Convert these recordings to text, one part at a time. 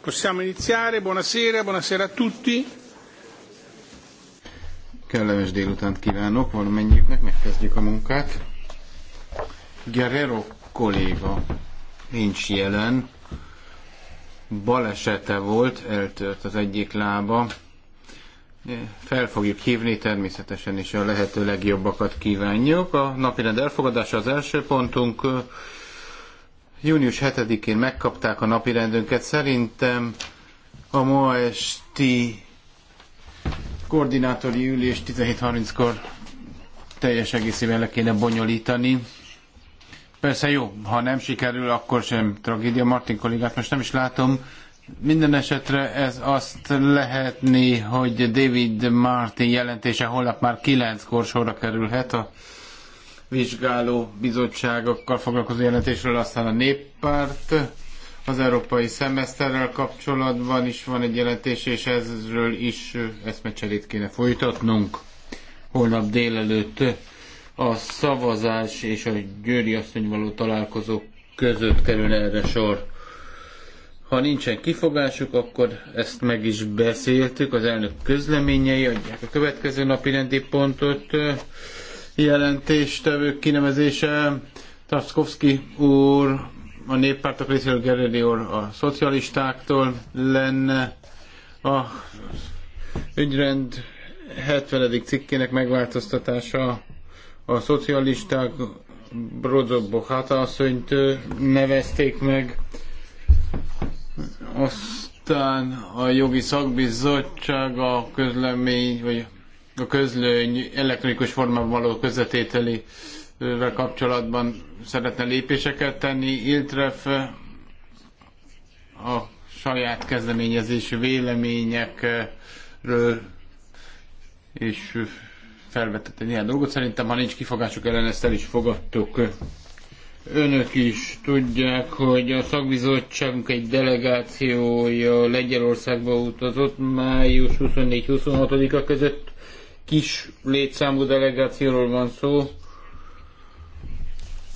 Possiamo iniziare, buonasera, buonasera a tutti. Kellemes délutánt kívánok valamennyiüknek, megkezdjük a munkát. Guerrero kolléga nincs jelen, balesete volt, eltört az egyik lába. Fel fogjuk hívni természetesen, és a lehető legjobbakat kívánjuk. A napirend elfogadása az első pontunk. Június 7-én megkapták a napirendünket. Szerintem a ma esti koordinátori ülés 17.30-kor teljes egészében le kéne bonyolítani. Persze jó, ha nem sikerül, akkor sem tragédia. Martin kollégát most nem is látom. Minden esetre ez azt lehetni, hogy David Martin jelentése holnap már 9-kor sorra kerülhet a vizsgáló bizottságokkal foglalkozó jelentésről, aztán a néppárt az európai szemeszterrel kapcsolatban is van egy jelentés, és ezről is eszmecserét kéne folytatnunk holnap délelőtt a szavazás és a Győri asszony való találkozó között kerül erre sor. Ha nincsen kifogásuk, akkor ezt meg is beszéltük. Az elnök közleményei adják a következő napi rendi pontot jelentéstevők kinevezése. Traszkowski úr a néppártok részéről, Geredi úr a szocialistáktól lenne a ügyrend 70. cikkének megváltoztatása a szocialisták Brodzó Bohata asszonyt nevezték meg. Aztán a jogi szakbizottság a közlemény, vagy a közlöny elektronikus formában való közvetételével kapcsolatban szeretne lépéseket tenni. Iltref a saját kezdeményezésű véleményekről és felvetett egy ilyen dolgot. Szerintem, ha nincs kifogásuk ellen, ezt el is fogadtuk. Önök is tudják, hogy a szakbizottságunk egy delegációja Lengyelországba utazott május 24-26-a között kis létszámú delegációról van szó.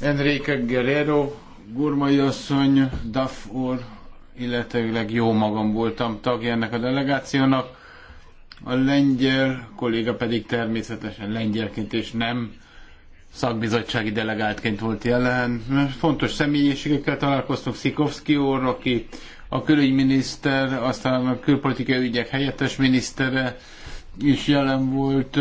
Enrique Guerrero, Gurmai asszony, Duff úr, illetőleg jó magam voltam tagja ennek a delegációnak. A lengyel kolléga pedig természetesen lengyelként és nem szakbizottsági delegáltként volt jelen. Fontos személyiségekkel találkoztunk, Szikovszki úr, aki a külügyminiszter, aztán a külpolitikai ügyek helyettes minisztere, is jelen volt,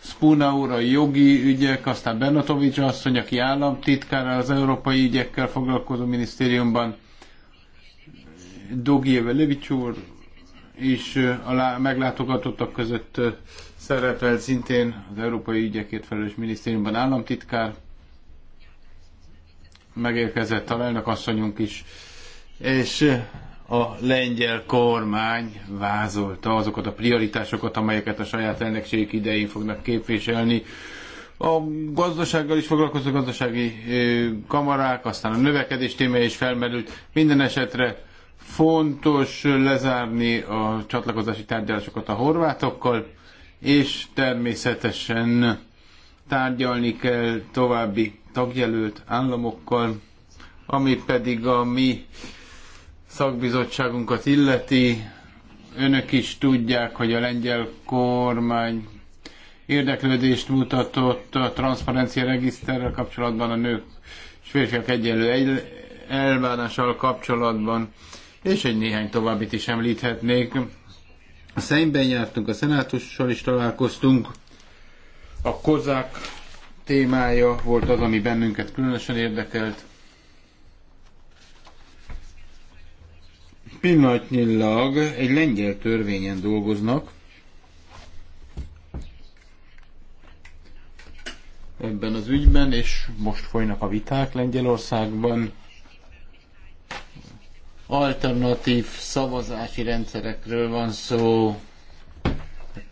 Spuna úr a jogi ügyek, aztán Bernatovics asszony, aki államtitkár az európai ügyekkel foglalkozó minisztériumban, Dogieve Levics úr is a meglátogatottak között szerepel szintén az európai ügyekért felelős minisztériumban államtitkár, megérkezett a lelnök asszonyunk is, és a lengyel kormány vázolta azokat a prioritásokat, amelyeket a saját elnökség idején fognak képviselni. A gazdasággal is foglalkozó gazdasági kamarák, aztán a növekedés témája is felmerült. Minden esetre fontos lezárni a csatlakozási tárgyalásokat a horvátokkal, és természetesen tárgyalni kell további tagjelölt államokkal, ami pedig a mi szakbizottságunkat illeti, önök is tudják, hogy a lengyel kormány érdeklődést mutatott a transzparencia regiszterrel kapcsolatban, a nők és férfiak egyenlő elvárással kapcsolatban, és egy néhány továbbit is említhetnék. A szemben jártunk, a szenátussal is találkoztunk. A kozák témája volt az, ami bennünket különösen érdekelt. Pillanatnyilag egy lengyel törvényen dolgoznak, ebben az ügyben, és most folynak a viták Lengyelországban. Alternatív szavazási rendszerekről van szó,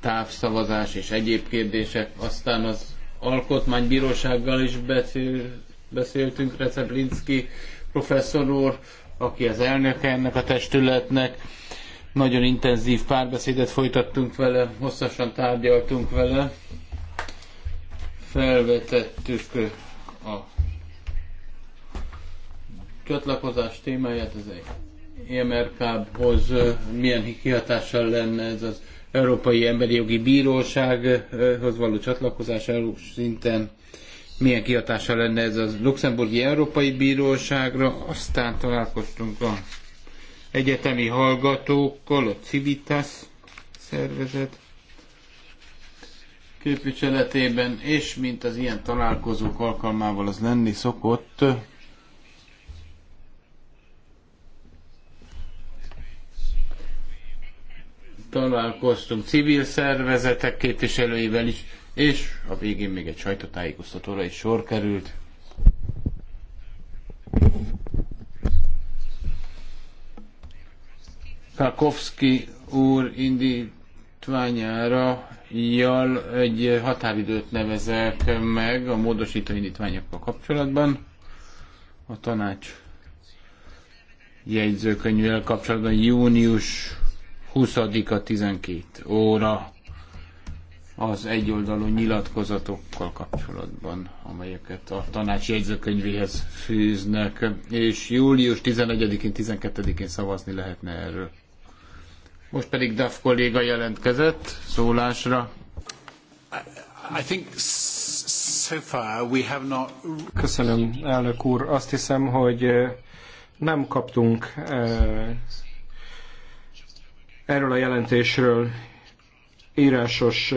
távszavazás és egyéb kérdések, aztán az alkotmánybírósággal is beszél, beszéltünk, Linszki professzor úr aki az elnöke ennek a testületnek. Nagyon intenzív párbeszédet folytattunk vele, hosszasan tárgyaltunk vele. Felvetettük a csatlakozás témáját, ez egy EMRK-hoz milyen kihatással lenne ez az Európai Emberi Jogi Bírósághoz való csatlakozás EU szinten, milyen kihatása lenne ez a Luxemburgi Európai Bíróságra, aztán találkoztunk a egyetemi hallgatókkal, a Civitas szervezet képviseletében, és mint az ilyen találkozók alkalmával az lenni szokott, találkoztunk civil szervezetek képviselőivel is, és a végén még egy sajtótájékoztatóra is sor került. Kakovski úr indítványára jal egy határidőt nevezek meg a módosító indítványokkal kapcsolatban. A tanács jegyzőkönyvvel kapcsolatban június 20-a 12 óra az egyoldalú nyilatkozatokkal kapcsolatban, amelyeket a tanács jegyzőkönyvéhez fűznek, és július 11-én, 12-én szavazni lehetne erről. Most pedig DAF kolléga jelentkezett szólásra. I think so far we have not... Köszönöm, elnök úr. Azt hiszem, hogy eh, nem kaptunk eh, erről a jelentésről írásos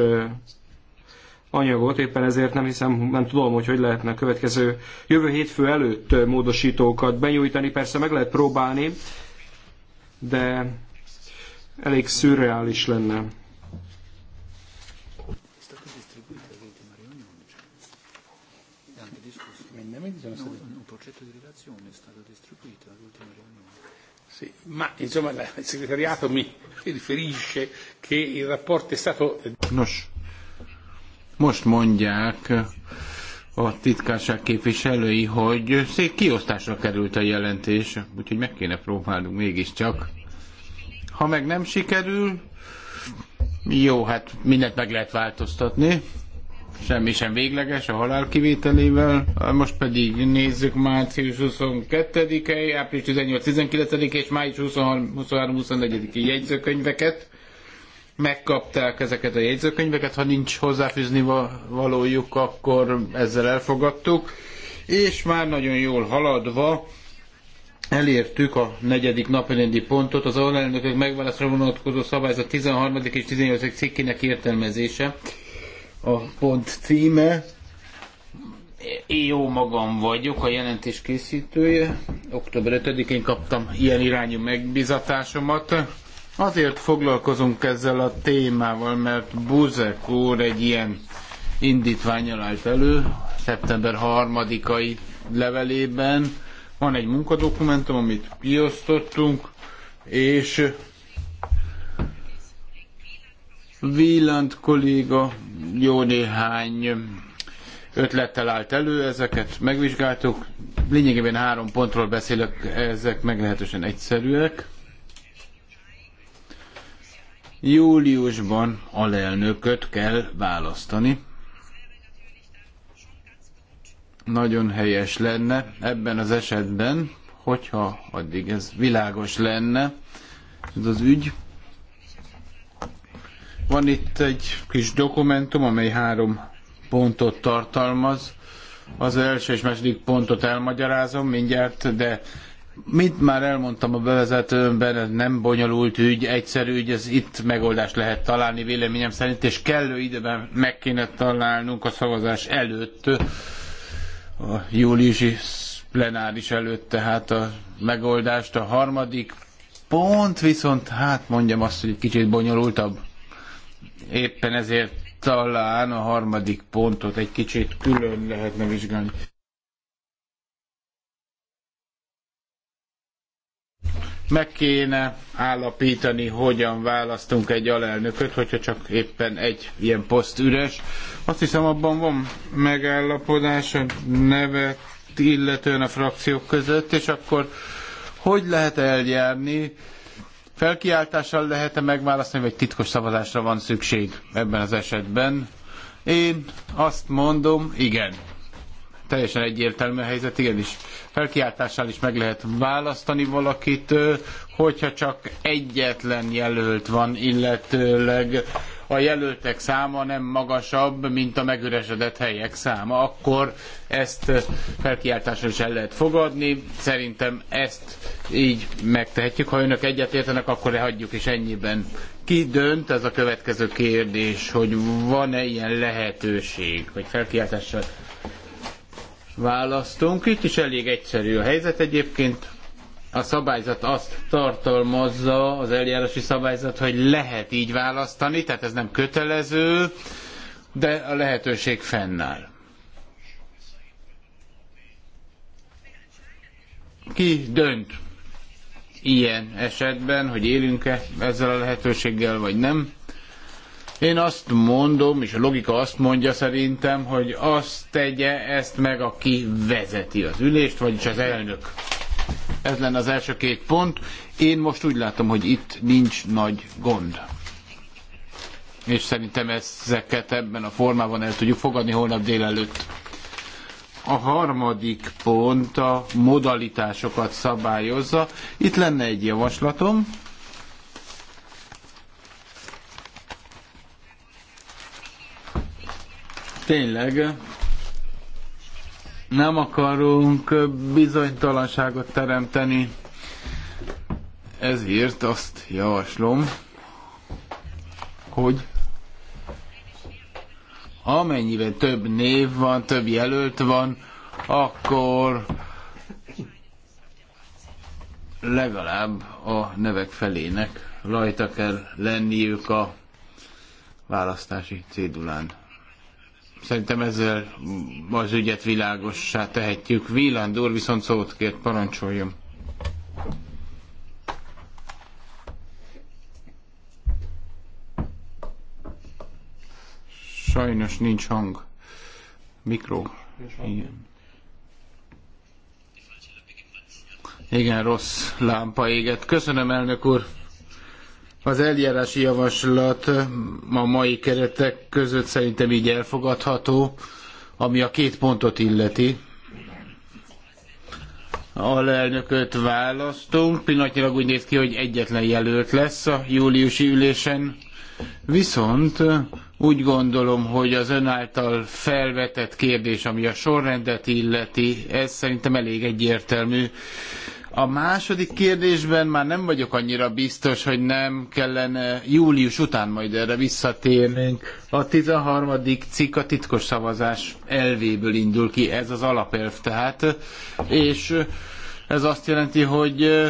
anyagot, éppen ezért nem hiszem, nem tudom, hogy hogy lehetne a következő jövő hétfő előtt módosítókat benyújtani, persze meg lehet próbálni, de elég szürreális lenne. Sì, ma insomma il segretariato mi riferisce Nos, most mondják a titkárság képviselői, hogy szék kiosztásra került a jelentés, úgyhogy meg kéne próbálnunk mégiscsak. Ha meg nem sikerül, jó, hát mindent meg lehet változtatni. Semmi sem végleges a halál kivételével. Most pedig nézzük március 22-e, április 18-19 és május 23-24-i jegyzőkönyveket megkapták ezeket a jegyzőkönyveket, ha nincs hozzáfűzni valójuk, akkor ezzel elfogadtuk, és már nagyon jól haladva elértük a negyedik napirendi pontot, az alelnökök megválaszra vonatkozó szabályzat 13. és 18. cikkének értelmezése, a pont címe. Én jó magam vagyok, a jelentés készítője. Október 5-én kaptam ilyen irányú megbizatásomat Azért foglalkozunk ezzel a témával, mert Buzek úr egy ilyen indítványal állt elő, szeptember 3-ai levelében. Van egy munkadokumentum, amit kiosztottunk, és Wieland kolléga jó néhány ötlettel állt elő, ezeket megvizsgáltuk. Lényegében három pontról beszélek, ezek meglehetősen egyszerűek. Júliusban alelnököt kell választani. Nagyon helyes lenne ebben az esetben, hogyha addig ez világos lenne, ez az ügy. Van itt egy kis dokumentum, amely három pontot tartalmaz. Az első és második pontot elmagyarázom mindjárt, de mint már elmondtam a bevezetőmben, ez nem bonyolult ügy, egyszerű ügy, ez itt megoldást lehet találni véleményem szerint, és kellő időben meg kéne találnunk a szavazás előtt, a júliusi plenáris előtt, tehát a megoldást. A harmadik pont viszont, hát mondjam azt, hogy kicsit bonyolultabb. Éppen ezért talán a harmadik pontot egy kicsit külön lehetne vizsgálni. meg kéne állapítani, hogyan választunk egy alelnököt, hogyha csak éppen egy ilyen poszt üres. Azt hiszem abban van megállapodás a nevet illetően a frakciók között, és akkor hogy lehet eljárni? Felkiáltással lehet-e megválasztani, vagy titkos szavazásra van szükség ebben az esetben? Én azt mondom, igen teljesen egyértelmű a helyzet, igenis felkiáltással is meg lehet választani valakit, hogyha csak egyetlen jelölt van, illetőleg a jelöltek száma nem magasabb, mint a megüresedett helyek száma, akkor ezt felkiáltással is el lehet fogadni. Szerintem ezt így megtehetjük. Ha önök egyetértenek, akkor lehagyjuk is ennyiben. Ki dönt? Ez a következő kérdés, hogy van-e ilyen lehetőség, hogy felkiáltással választunk. Itt is elég egyszerű a helyzet egyébként. A szabályzat azt tartalmazza, az eljárási szabályzat, hogy lehet így választani, tehát ez nem kötelező, de a lehetőség fennáll. Ki dönt ilyen esetben, hogy élünk-e ezzel a lehetőséggel, vagy nem? Én azt mondom, és a logika azt mondja szerintem, hogy azt tegye ezt meg, aki vezeti az ülést, vagyis az elnök. Ez lenne az első két pont. Én most úgy látom, hogy itt nincs nagy gond. És szerintem ezeket ebben a formában el tudjuk fogadni holnap délelőtt. A harmadik pont a modalitásokat szabályozza. Itt lenne egy javaslatom Tényleg nem akarunk bizonytalanságot teremteni, ezért azt javaslom, hogy amennyiben több név van, több jelölt van, akkor legalább a nevek felének rajta kell lenniük a választási cédulán. Szerintem ezzel az ügyet világossá tehetjük. Wieland úr viszont szót kért, parancsoljon. Sajnos nincs hang. Mikro. Igen. Igen, rossz lámpa éget. Köszönöm, elnök úr. Az eljárási javaslat a mai keretek között szerintem így elfogadható, ami a két pontot illeti. Alelnököt választunk, pillanatnyilag úgy néz ki, hogy egyetlen jelölt lesz a júliusi ülésen, viszont úgy gondolom, hogy az ön által felvetett kérdés, ami a sorrendet illeti, ez szerintem elég egyértelmű a második kérdésben már nem vagyok annyira biztos, hogy nem kellene július után majd erre visszatérnünk. A 13. cikk a titkos szavazás elvéből indul ki, ez az alapelv tehát, és ez azt jelenti, hogy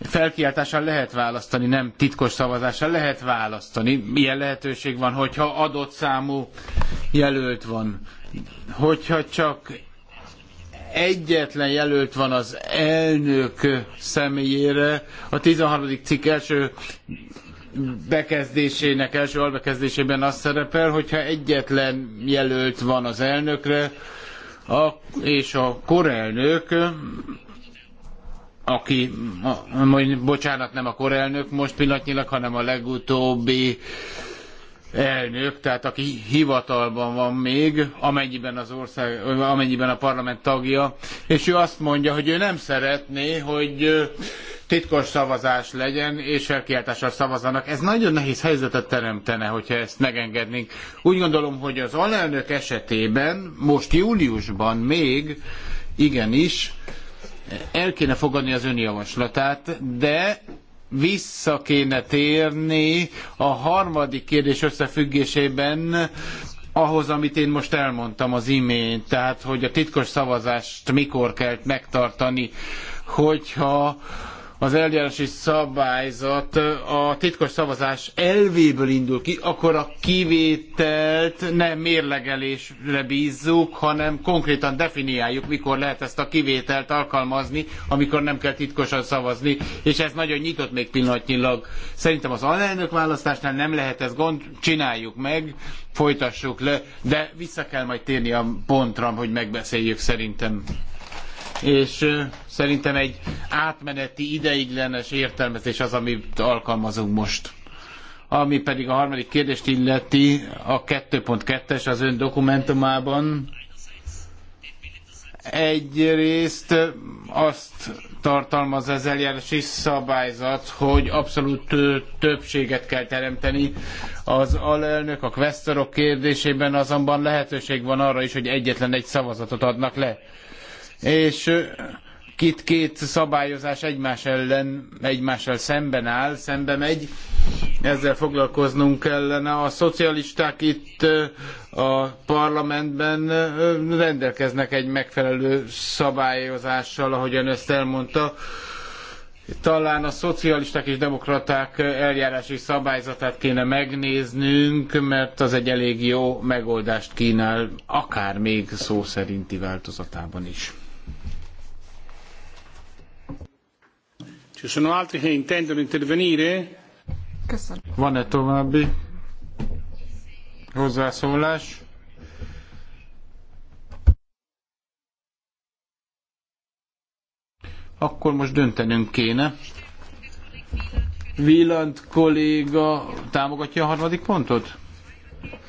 felkiáltással lehet választani, nem titkos szavazással lehet választani. Milyen lehetőség van, hogyha adott számú jelölt van. Hogyha csak egyetlen jelölt van az elnök személyére. A 13. cikk első bekezdésének, első albekezdésében az szerepel, hogyha egyetlen jelölt van az elnökre, a, és a korelnök, aki, a, bocsánat, nem a korelnök most pillanatnyilag, hanem a legutóbbi elnök, tehát aki hivatalban van még, amennyiben, az ország, amennyiben a parlament tagja, és ő azt mondja, hogy ő nem szeretné, hogy titkos szavazás legyen, és felkiáltással szavazanak. Ez nagyon nehéz helyzetet teremtene, hogyha ezt megengednénk. Úgy gondolom, hogy az alelnök esetében, most júliusban még, igenis, el kéne fogadni az önjavaslatát, de vissza kéne térni a harmadik kérdés összefüggésében ahhoz, amit én most elmondtam az imént, tehát hogy a titkos szavazást mikor kell megtartani, hogyha az eljárási szabályzat a titkos szavazás elvéből indul ki, akkor a kivételt nem mérlegelésre bízzuk, hanem konkrétan definiáljuk, mikor lehet ezt a kivételt alkalmazni, amikor nem kell titkosan szavazni, és ez nagyon nyitott még pillanatnyilag. Szerintem az alelnök választásnál nem lehet ez gond, csináljuk meg, folytassuk le, de vissza kell majd térni a pontra, hogy megbeszéljük szerintem és szerintem egy átmeneti ideiglenes értelmezés az, amit alkalmazunk most. Ami pedig a harmadik kérdést illeti, a 2.2-es az ön dokumentumában egyrészt azt tartalmaz az eljárási szabályzat, hogy abszolút többséget kell teremteni. Az alelnök, a kvesztorok kérdésében azonban lehetőség van arra is, hogy egyetlen egy szavazatot adnak le és két, két szabályozás egymás ellen, egymással szemben áll, szembe megy. Ezzel foglalkoznunk kellene. A szocialisták itt a parlamentben rendelkeznek egy megfelelő szabályozással, ahogyan ezt elmondta. Talán a szocialisták és demokraták eljárási szabályzatát kéne megnéznünk, mert az egy elég jó megoldást kínál, akár még szó szerinti változatában is. Van-e további hozzászólás? Akkor most döntenünk kéne. Villant kolléga támogatja a harmadik pontot?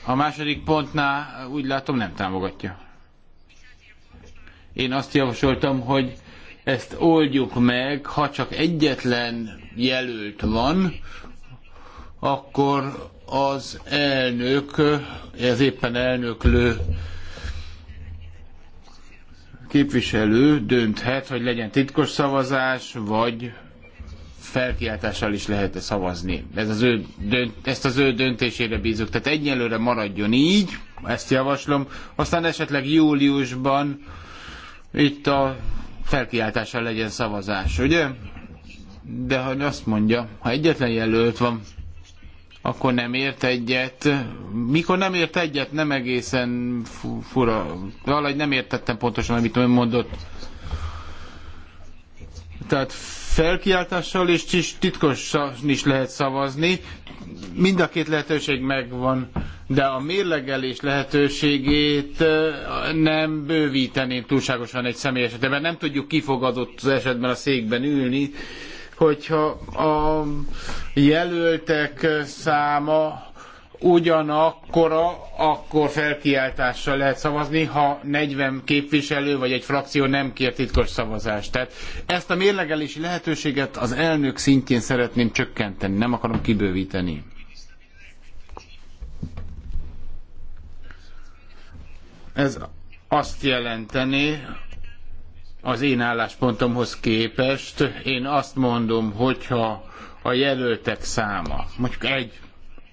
A második pontnál úgy látom nem támogatja. Én azt javasoltam, hogy ezt oldjuk meg, ha csak egyetlen jelölt van, akkor az elnök, ez éppen elnöklő képviselő dönthet, hogy legyen titkos szavazás, vagy felkiáltással is lehet -e szavazni. Ez az ő dönt, ezt az ő döntésére bízok. Tehát egyelőre maradjon így, ezt javaslom. Aztán esetleg júliusban itt a felkiáltással legyen szavazás, ugye? De ha azt mondja, ha egyetlen jelölt van, akkor nem ért egyet. Mikor nem ért egyet, nem egészen fura. Valahogy nem értettem pontosan, amit ön mondott. Tehát felkiáltással és titkosan is lehet szavazni. Mind a két lehetőség megvan, de a mérlegelés lehetőségét nem bővíteném túlságosan egy személy esetében. Nem tudjuk kifogadott esetben a székben ülni, hogyha a jelöltek száma ugyanakkora, akkor felkiáltással lehet szavazni, ha 40 képviselő vagy egy frakció nem kér titkos szavazást. Tehát ezt a mérlegelési lehetőséget az elnök szintjén szeretném csökkenteni, nem akarom kibővíteni. Ez azt jelenteni, az én álláspontomhoz képest, én azt mondom, hogyha a jelöltek száma, mondjuk egy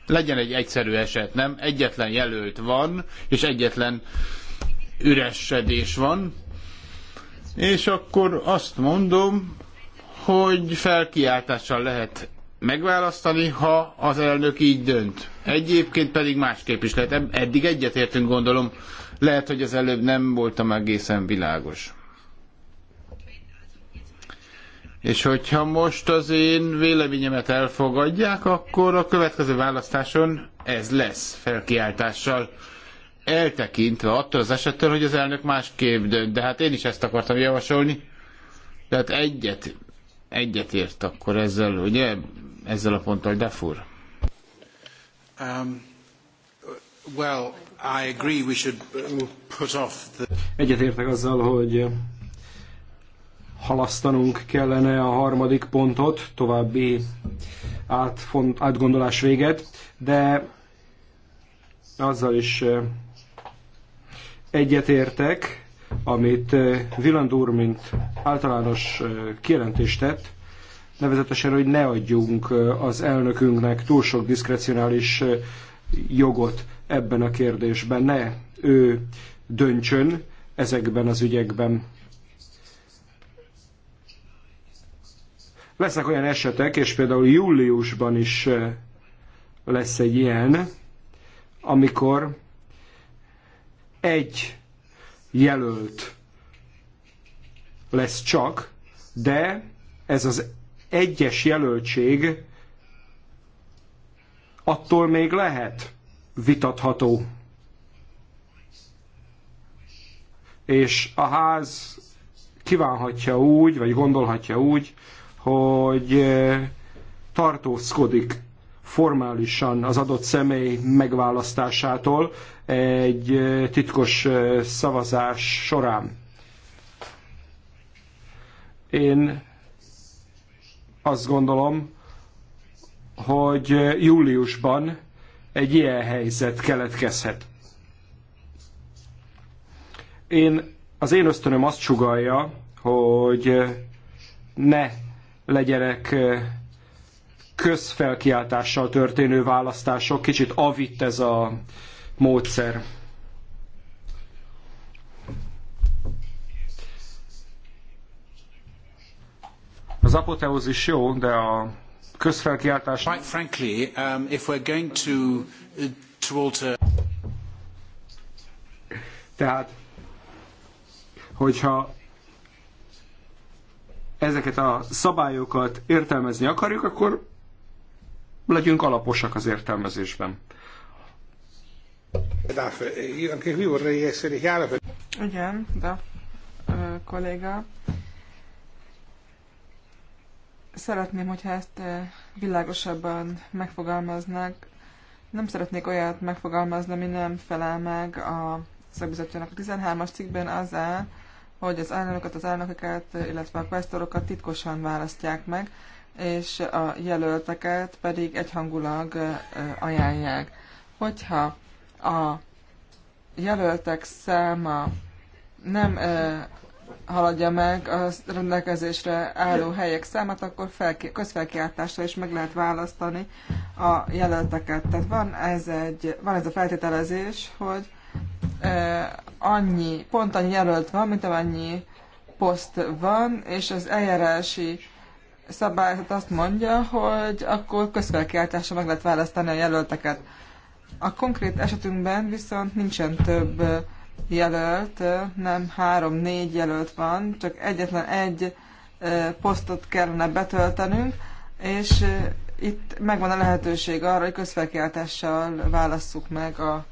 legyen egy egyszerű eset, nem? Egyetlen jelölt van, és egyetlen üresedés van. És akkor azt mondom, hogy felkiáltással lehet megválasztani, ha az elnök így dönt. Egyébként pedig másképp is lehet. Eddig egyetértünk, gondolom. Lehet, hogy az előbb nem voltam egészen világos. És hogyha most az én véleményemet elfogadják, akkor a következő választáson ez lesz felkiáltással eltekintve attól az esettől, hogy az elnök másképp dönt. De hát én is ezt akartam javasolni. Tehát egyet, egyet ért akkor ezzel, ugye? Ezzel a ponttal, de fur. Um, well, I agree we should put off the... értek azzal, hogy halasztanunk kellene a harmadik pontot, további átfont, átgondolás véget, de azzal is egyetértek, amit Viland úr, mint általános kijelentést tett, nevezetesen, hogy ne adjunk az elnökünknek túl sok diszkrecionális jogot ebben a kérdésben, ne ő döntsön ezekben az ügyekben. Lesznek olyan esetek, és például júliusban is eh, lesz egy ilyen, amikor egy jelölt lesz csak, de ez az egyes jelöltség attól még lehet vitatható. És a ház kívánhatja úgy, vagy gondolhatja úgy, hogy eh, tartózkodik formálisan az adott személy megválasztásától egy eh, titkos eh, szavazás során. Én azt gondolom, hogy júliusban egy ilyen helyzet keletkezhet. Én, az én ösztönöm azt sugalja, hogy ne legyenek közfelkiáltással történő választások. Kicsit avitt ez a módszer. Az apoteózis jó, de a közfelkiáltás... Quite frankly, um, if we're going to, uh, to alter... Tehát, hogyha ezeket a szabályokat értelmezni akarjuk, akkor legyünk alaposak az értelmezésben. Igen, de kolléga. Szeretném, hogyha ezt világosabban megfogalmaznak. Nem szeretnék olyat megfogalmazni, ami nem felel meg a szakbizottságnak. A 13-as cikkben az hogy az elnököt, az elnököket, illetve a pásztorokat titkosan választják meg, és a jelölteket pedig egyhangulag ajánlják. Hogyha a jelöltek száma nem haladja meg a rendelkezésre álló helyek számát, akkor felki- közfelkiáltással is meg lehet választani a jelölteket. Tehát van ez, egy, van ez a feltételezés, hogy annyi, pont annyi jelölt van, mint amennyi poszt van, és az eljárási szabályzat azt mondja, hogy akkor közfelkiáltásra meg lehet választani a jelölteket. A konkrét esetünkben viszont nincsen több jelölt, nem három-négy jelölt van, csak egyetlen egy posztot kellene betöltenünk, és itt megvan a lehetőség arra, hogy közfelkiáltással válasszuk meg a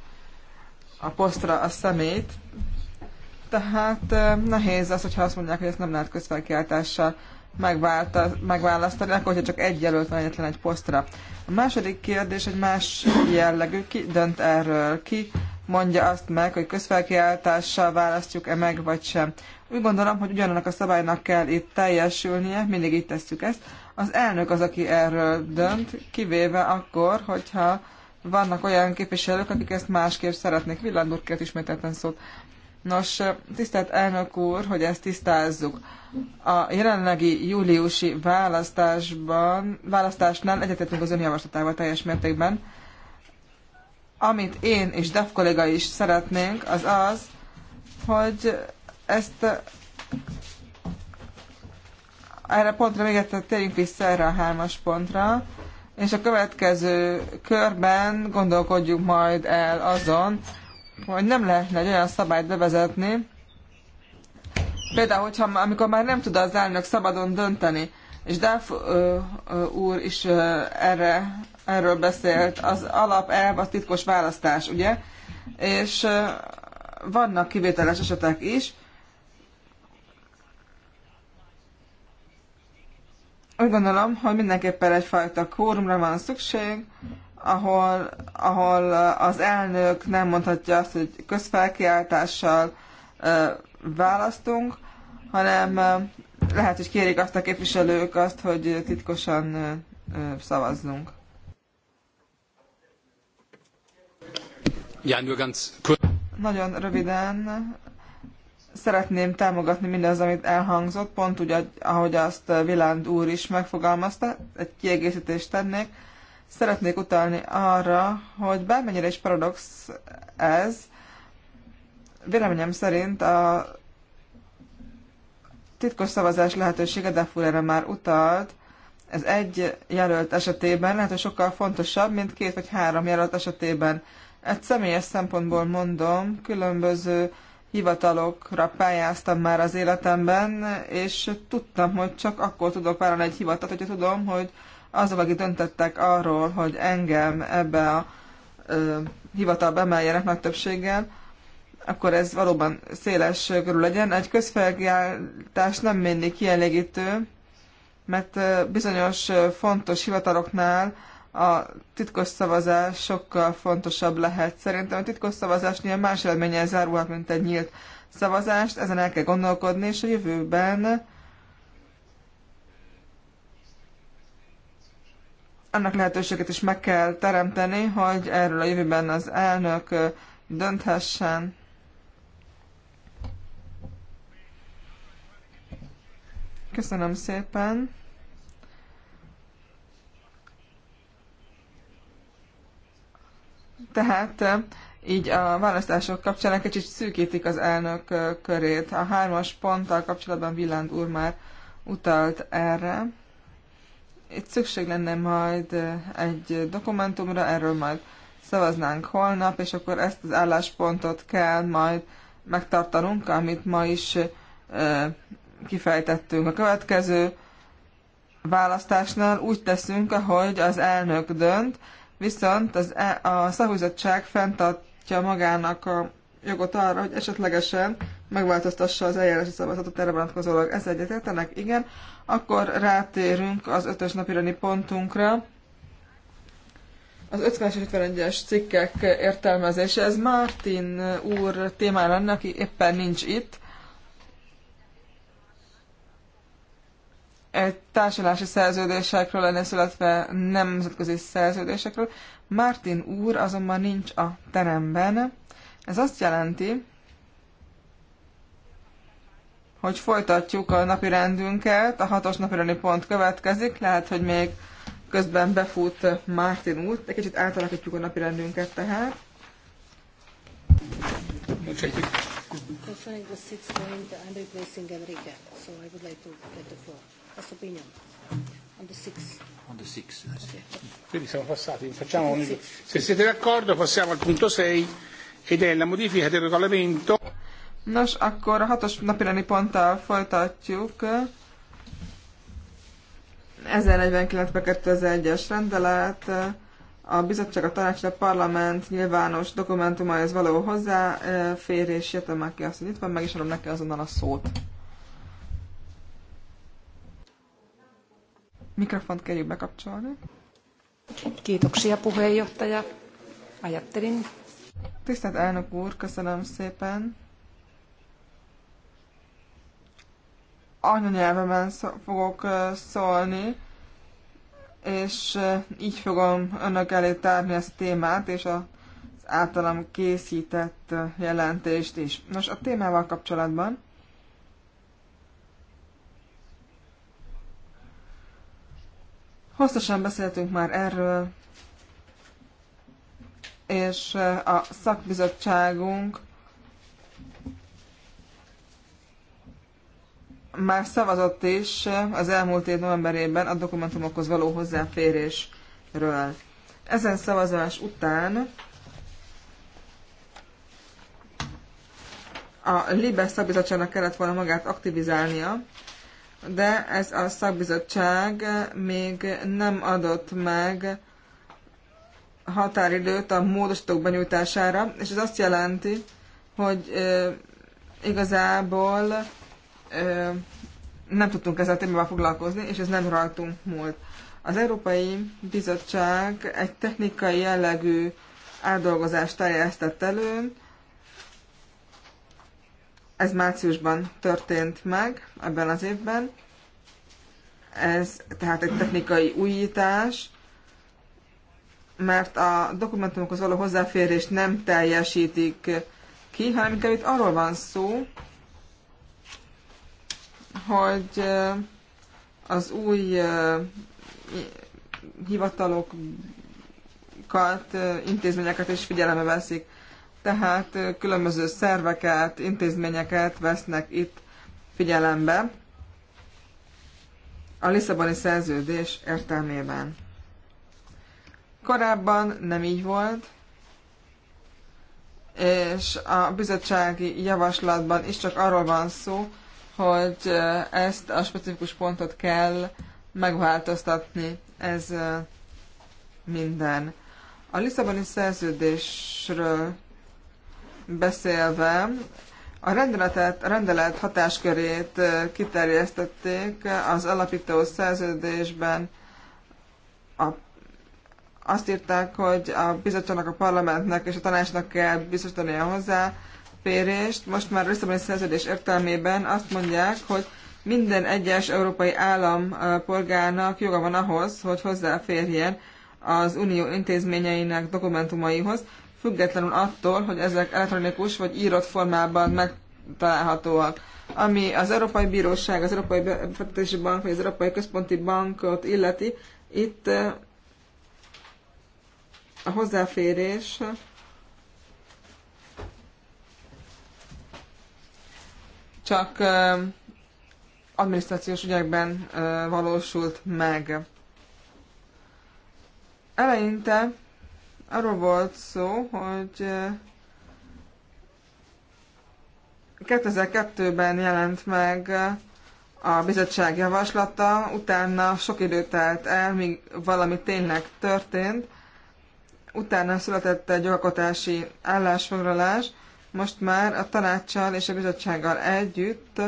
a posztra a szemét, tehát nehéz az, hogyha azt mondják, hogy ezt nem lehet közfelkiáltással megválasztani, akkor hogyha csak egy jelölt van egyetlen egy posztra. A második kérdés egy más jellegű, ki dönt erről, ki mondja azt meg, hogy közfelkiáltással választjuk-e meg, vagy sem. Úgy gondolom, hogy ugyanannak a szabálynak kell itt teljesülnie, mindig így tesszük ezt. Az elnök az, aki erről dönt, kivéve akkor, hogyha vannak olyan képviselők, akik ezt másképp szeretnék. Villand úr kért ismételten szót. Nos, tisztelt elnök úr, hogy ezt tisztázzuk. A jelenlegi júliusi választásban, választásnál egyetettünk az önjavaslatával teljes mértékben. Amit én és DEF kolléga is szeretnénk, az az, hogy ezt erre pontra még egyszer térjünk vissza erre a hármas pontra, és a következő körben gondolkodjuk majd el azon, hogy nem lehetne egy olyan szabályt bevezetni, például, hogyha, amikor már nem tud az elnök szabadon dönteni, és Duff úr is ö, erre, erről beszélt, az alapelv a titkos választás, ugye? És ö, vannak kivételes esetek is, Úgy gondolom, hogy mindenképpen egyfajta kórumra van szükség, ahol, ahol az elnök nem mondhatja azt, hogy közfelkiáltással választunk, hanem lehet, hogy kérik azt a képviselők azt, hogy titkosan szavazzunk. Ja, nur ganz kurz. Nagyon röviden szeretném támogatni mindaz, amit elhangzott, pont úgy, ahogy azt eh, Viland úr is megfogalmazta, egy kiegészítést tennék. Szeretnék utalni arra, hogy bármennyire is paradox ez, véleményem szerint a titkos szavazás lehetősége Defurere már utalt, ez egy jelölt esetében lehet, hogy sokkal fontosabb, mint két vagy három jelölt esetében. Egy személyes szempontból mondom, különböző hivatalokra pályáztam már az életemben, és tudtam, hogy csak akkor tudok vállalni egy hivatalt, hogyha tudom, hogy azok, akik döntettek arról, hogy engem ebbe a ö, hivatalba emeljenek nagy többséggel, akkor ez valóban széles körül legyen. Egy közfelkiáltás nem mindig kielégítő, mert bizonyos fontos hivataloknál a titkos szavazás sokkal fontosabb lehet. Szerintem a titkos szavazás más eredménnyel zárulhat, mint egy nyílt szavazást. Ezen el kell gondolkodni, és a jövőben annak lehetőséget is meg kell teremteni, hogy erről a jövőben az elnök dönthessen. Köszönöm szépen! Tehát így a választások kapcsán egy kicsit szűkítik az elnök körét. A hármas ponttal kapcsolatban Villand úr már utalt erre. Itt szükség lenne majd egy dokumentumra, erről majd szavaznánk holnap, és akkor ezt az álláspontot kell majd megtartanunk, amit ma is kifejtettünk. A következő választásnál úgy teszünk, ahogy az elnök dönt, viszont az, e- a szakbizottság fenntartja magának a jogot arra, hogy esetlegesen megváltoztassa az eljárási szavazatot erre vonatkozólag. Ez egyetértenek? Igen. Akkor rátérünk az ötös napirani pontunkra. Az 50-es és 51-es cikkek értelmezése. Ez Martin úr témája lenne, aki éppen nincs itt. egy társulási szerződésekről lenne születve nemzetközi szerződésekről. Martin úr azonban nincs a teremben. Ez azt jelenti, hogy folytatjuk a napi rendünket, a hatos napi rendi pont következik, lehet, hogy még közben befut Martin út, de kicsit átalakítjuk a napi rendünket tehát. Concerning the sixth point, I'm replacing Enrique, so I would like to get the floor. Nostra opinion. On the six. On the six. Okay. Quindi siamo passati, facciamo un... Se siete d'accordo passiamo al punto 6 ed è la modifica del regolamento. Nos, akkor a hatos napirani ponttal folytatjuk. 1049-2001-es rendelet a bizottság a tanács a parlament nyilvános dokumentuma ez való hozzáférés. Jöttem már ki azt, hogy itt van, meg is adom neki azonnal a szót. Mikrofont kérjük bekapcsolni. Kiitoksia puheenjohtaja. Ajattelin. Tisztelt elnök úr, köszönöm szépen. Anyanyelvemen fogok szólni, és így fogom önök elé tárni ezt a témát, és a általam készített jelentést is. Nos, a témával kapcsolatban Hosszasan beszéltünk már erről, és a szakbizottságunk már szavazott is az elmúlt év novemberében a dokumentumokhoz való hozzáférésről. Ezen szavazás után a LIBE szakbizottságnak kellett volna magát aktivizálnia, de ez a szakbizottság még nem adott meg határidőt a módosítók benyújtására, és ez azt jelenti, hogy e igazából e, nem tudtunk ezzel a témával foglalkozni, és ez nem rajtunk múlt. Az Európai Bizottság egy technikai jellegű átdolgozást terjesztett elő, ez márciusban történt meg ebben az évben. Ez tehát egy technikai újítás, mert a dokumentumokhoz való hozzáférést nem teljesítik ki, hanem inkább itt arról van szó, hogy az új hivatalokat, intézményeket is figyelembe veszik tehát különböző szerveket, intézményeket vesznek itt figyelembe a Lisszaboni szerződés értelmében. Korábban nem így volt, és a bizottsági javaslatban is csak arról van szó, hogy ezt a specifikus pontot kell megváltoztatni. Ez minden. A Lisszaboni szerződésről beszélve, a, rendeletet, a rendelet hatáskörét kiterjesztették az alapító szerződésben. A, azt írták, hogy a bizottságnak, a parlamentnek és a tanácsnak kell biztosítania hozzá férést. Most már a szerződés értelmében azt mondják, hogy minden egyes európai állam polgárnak joga van ahhoz, hogy hozzáférjen az unió intézményeinek dokumentumaihoz, függetlenül attól, hogy ezek elektronikus vagy írott formában megtalálhatóak. Ami az Európai Bíróság, az Európai Befektetési Bank vagy az Európai Központi Bankot illeti, itt eh, a hozzáférés csak eh, adminisztrációs ügyekben eh, valósult meg. Eleinte Arról volt szó, hogy 2002-ben jelent meg a bizottság javaslata, utána sok idő telt el, míg valami tényleg történt, utána született egy alkotási állásfoglalás, most már a tanácssal és a bizottsággal együtt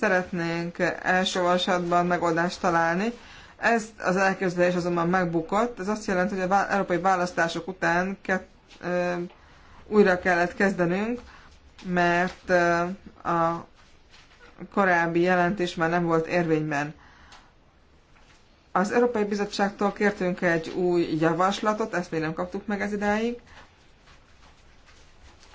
szeretnénk első olvasatban megoldást találni, ez az elképzelés azonban megbukott, ez azt jelenti, hogy az európai választások után ke- ö, újra kellett kezdenünk, mert ö, a korábbi jelentés már nem volt érvényben. Az Európai Bizottságtól kértünk egy új javaslatot, ezt még nem kaptuk meg ez idáig.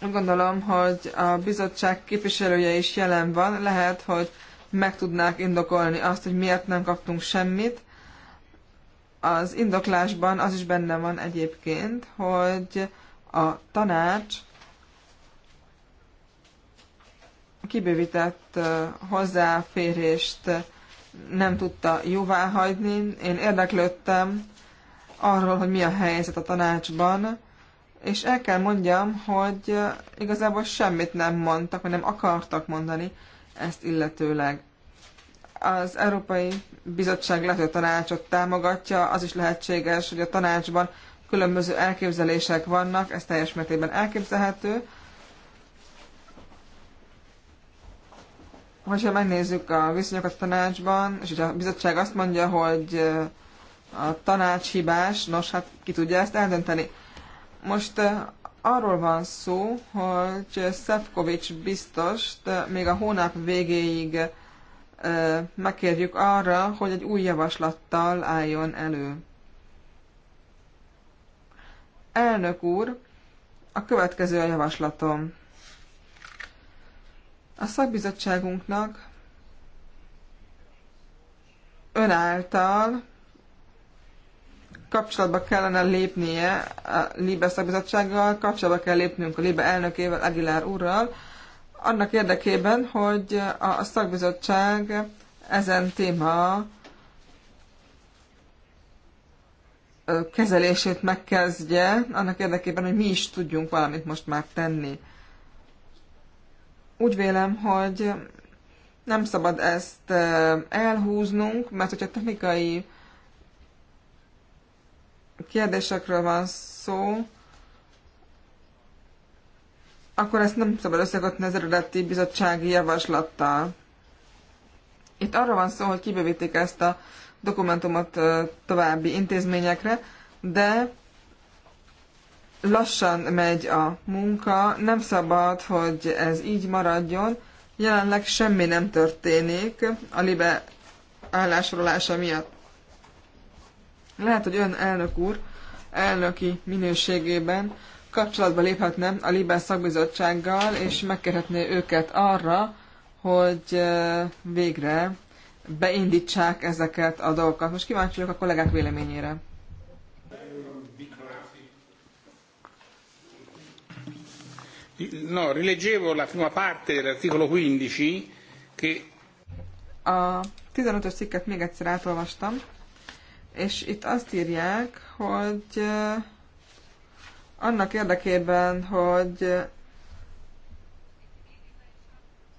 Gondolom, hogy a bizottság képviselője is jelen van, lehet, hogy meg tudnák indokolni azt, hogy miért nem kaptunk semmit az indoklásban az is benne van egyébként, hogy a tanács kibővített hozzáférést nem tudta jóvá hagyni. Én érdeklődtem arról, hogy mi a helyzet a tanácsban, és el kell mondjam, hogy igazából semmit nem mondtak, vagy nem akartak mondani ezt illetőleg az Európai Bizottság lehető tanácsot támogatja, az is lehetséges, hogy a tanácsban különböző elképzelések vannak, ez teljes mértékben elképzelhető. Hogyha megnézzük a viszonyokat a tanácsban, és a bizottság azt mondja, hogy eh, a tanács hibás, nos, hát ki tudja ezt eldönteni. Most eh, arról van szó, hogy Szefkovics biztos eh, még a hónap végéig megkérjük arra, hogy egy új javaslattal álljon elő. Elnök úr, a következő a javaslatom. A szakbizottságunknak ön által kapcsolatba kellene lépnie a Libe szakbizottsággal, kapcsolatba kell lépnünk a Libe elnökével, Aguilar úrral, annak érdekében, hogy a szakbizottság ezen téma kezelését megkezdje, annak érdekében, hogy mi is tudjunk valamit most már tenni. Úgy vélem, hogy nem szabad ezt elhúznunk, mert hogyha technikai kérdésekről van szó, akkor ezt nem szabad összekötni az eredeti bizottsági javaslattal. Itt arra van szó, hogy kibővítik ezt a dokumentumot további intézményekre, de lassan megy a munka, nem szabad, hogy ez így maradjon. Jelenleg semmi nem történik a libe állásolása miatt. Lehet, hogy ön elnök úr elnöki minőségében kapcsolatba léphetne a Libán szakbizottsággal, és megkérhetné őket arra, hogy végre beindítsák ezeket a dolgokat. Most kíváncsi vagyok a kollégák véleményére. No, rileggevo la prima parte dell'articolo 15 che... A 15-ös cikket még egyszer átolvastam, és itt azt írják, hogy annak érdekében, hogy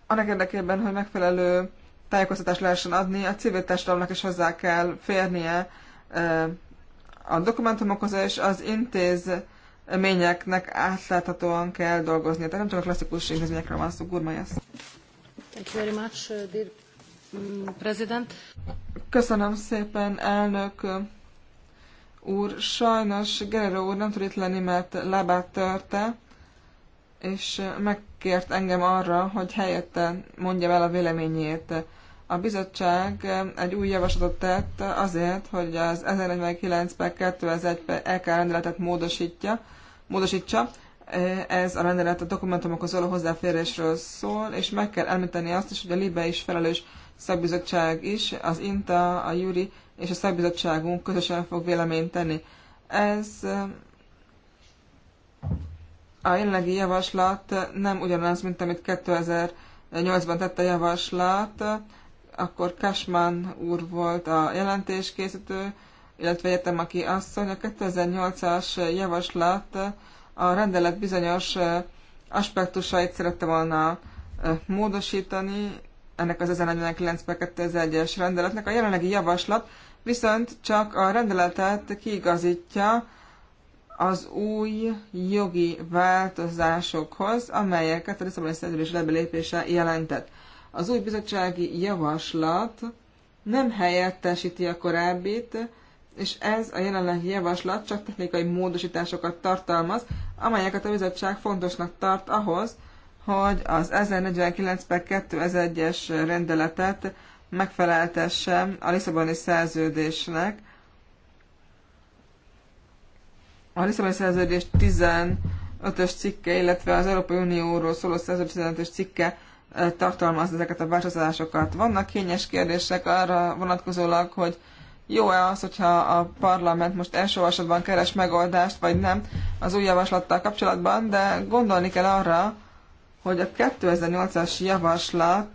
annak érdekében, hogy megfelelő tájékoztatást lehessen adni, a civil társadalomnak is hozzá kell férnie a dokumentumokhoz, és az intézményeknek átláthatóan kell dolgozni. Tehát nem csak a klasszikus intézményekről van szó, Gurmai uh, mm, Köszönöm szépen, elnök úr. Sajnos Gerero úr nem tud itt lenni, mert lábát törte, és megkért engem arra, hogy helyette mondja el a véleményét. A bizottság egy új javaslatot tett azért, hogy az 1049 per 2001 per EK rendeletet módosítja, módosítsa. Ez a rendelet a dokumentumokhoz való hozzáférésről szól, és meg kell említeni azt is, hogy a LIBE is felelős szakbizottság is, az INTA, a JURI és a szakbizottságunk közösen fog véleményt tenni. Ez a jelenlegi javaslat nem ugyanaz, mint amit 2008-ban tette a javaslat, akkor Kasman úr volt a jelentéskészítő, illetve értem, aki asszony. A 2008-as javaslat a rendelet bizonyos aspektusait szerette volna eh, módosítani, ennek az 1049 2001-es rendeletnek. A jelenlegi javaslat viszont csak a rendeletet kiigazítja az új jogi változásokhoz, amelyeket a Lisszaboni szerződés lebelépése jelentett. Az új bizottsági javaslat nem helyettesíti a korábbit, és ez a jelenlegi javaslat csak technikai módosításokat tartalmaz, amelyeket a bizottság fontosnak tart ahhoz, hogy az 1049 per 2001-es rendeletet megfeleltesse a Lisszaboni szerződésnek. A Lisszaboni szerződés 15-ös cikke, illetve az Európai Unióról szóló szerződés 15-ös cikke tartalmaz ezeket a változásokat. Vannak kényes kérdések arra vonatkozólag, hogy jó-e az, hogyha a parlament most első olvasatban keres megoldást, vagy nem az új javaslattal kapcsolatban, de gondolni kell arra, hogy a 2008-as javaslat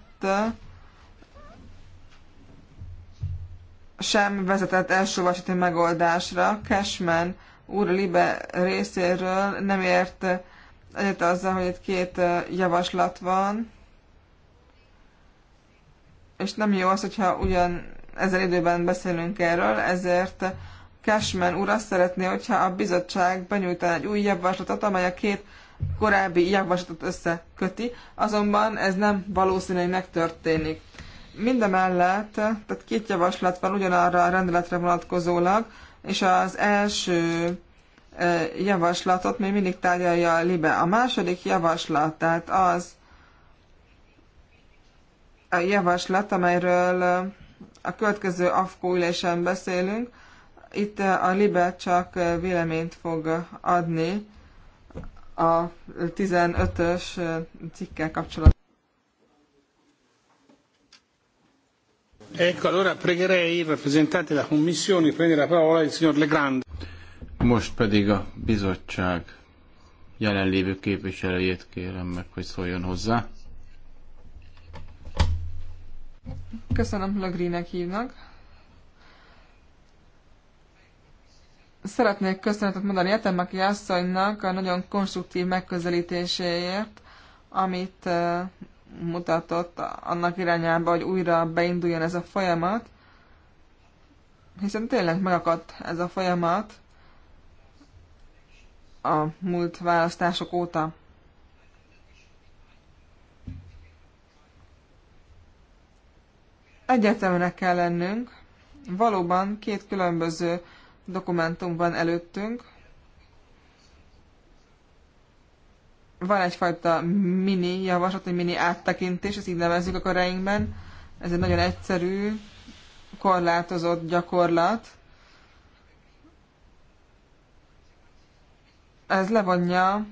sem vezetett első vasúti megoldásra. Cashman úr Libe részéről nem ért egyet azzal, hogy itt két javaslat van, és nem jó az, hogyha ugyan ezen időben beszélünk erről, ezért Cashman úr azt szeretné, hogyha a bizottság benyújtaná egy új javaslatot, amely a két korábbi javaslatot összeköti, azonban ez nem valószínű, hogy megtörténik. Mindemellett, tehát két javaslat van ugyanarra a rendeletre vonatkozólag, és az első e, javaslatot még mindig tárgyalja a LIBE. A második javaslat, tehát az a javaslat, amelyről e, a következő AFKO ülésen beszélünk, itt a LIBE csak e, véleményt fog adni, a 15-ös cikkel kapcsolatban. Ecco, allora pregherei il rappresentante della Commissione di prendere la parola, il signor Legrand. Most pedig a bizottság jelenlévő képviselőjét kérem meg, hogy szóljon hozzá. Köszönöm, Lagrinek hívnak. Szeretnék köszönetet mondani Etemaki asszonynak a nagyon konstruktív megközelítéséért, amit eh, mutatott annak irányába, hogy újra beinduljon ez a folyamat, hiszen tényleg megakadt ez a folyamat a múlt választások óta. Egyetemre kell lennünk, valóban két különböző dokumentum van előttünk. Van egyfajta mini javaslat, egy mini áttekintés, ezt így nevezzük a köreinkben. Ez egy nagyon egyszerű, korlátozott gyakorlat. Ez levonja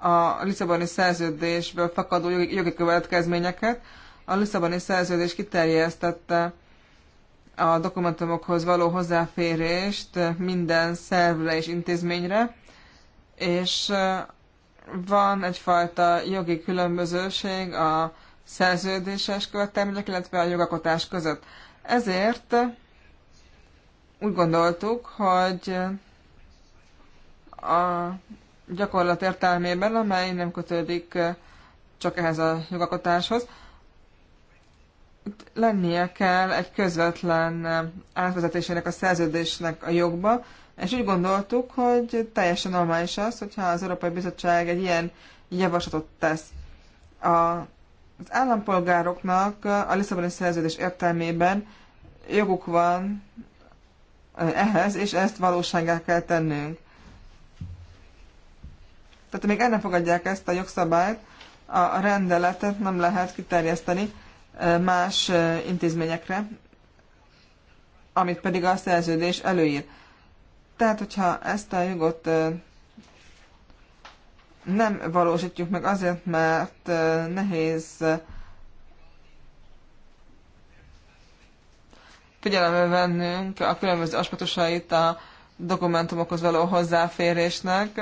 a Lisszaboni szerződésből fakadó jogi, jogi következményeket. A Lisszaboni szerződés kiterjesztette a dokumentumokhoz való hozzáférést minden szervre és intézményre, és van egyfajta jogi különbözőség a szerződéses követelmények, illetve a jogakotás között. Ezért úgy gondoltuk, hogy a gyakorlat értelmében, amely nem kötődik csak ehhez a jogakotáshoz, lennie kell egy közvetlen eh, átvezetésének a szerződésnek a jogba, és úgy gondoltuk, hogy teljesen normális az, hogyha az Európai Bizottság egy ilyen javaslatot tesz. A, az állampolgároknak a Lisszaboni szerződés értelmében joguk van eh, ehhez, és ezt valóságá kell tennünk. Tehát még el nem fogadják ezt a jogszabályt, a rendeletet nem lehet kiterjeszteni más intézményekre, amit pedig a szerződés előír. Tehát, hogyha ezt a jogot nem valósítjuk meg azért, mert nehéz figyelembe vennünk a különböző aspektusait a dokumentumokhoz való hozzáférésnek,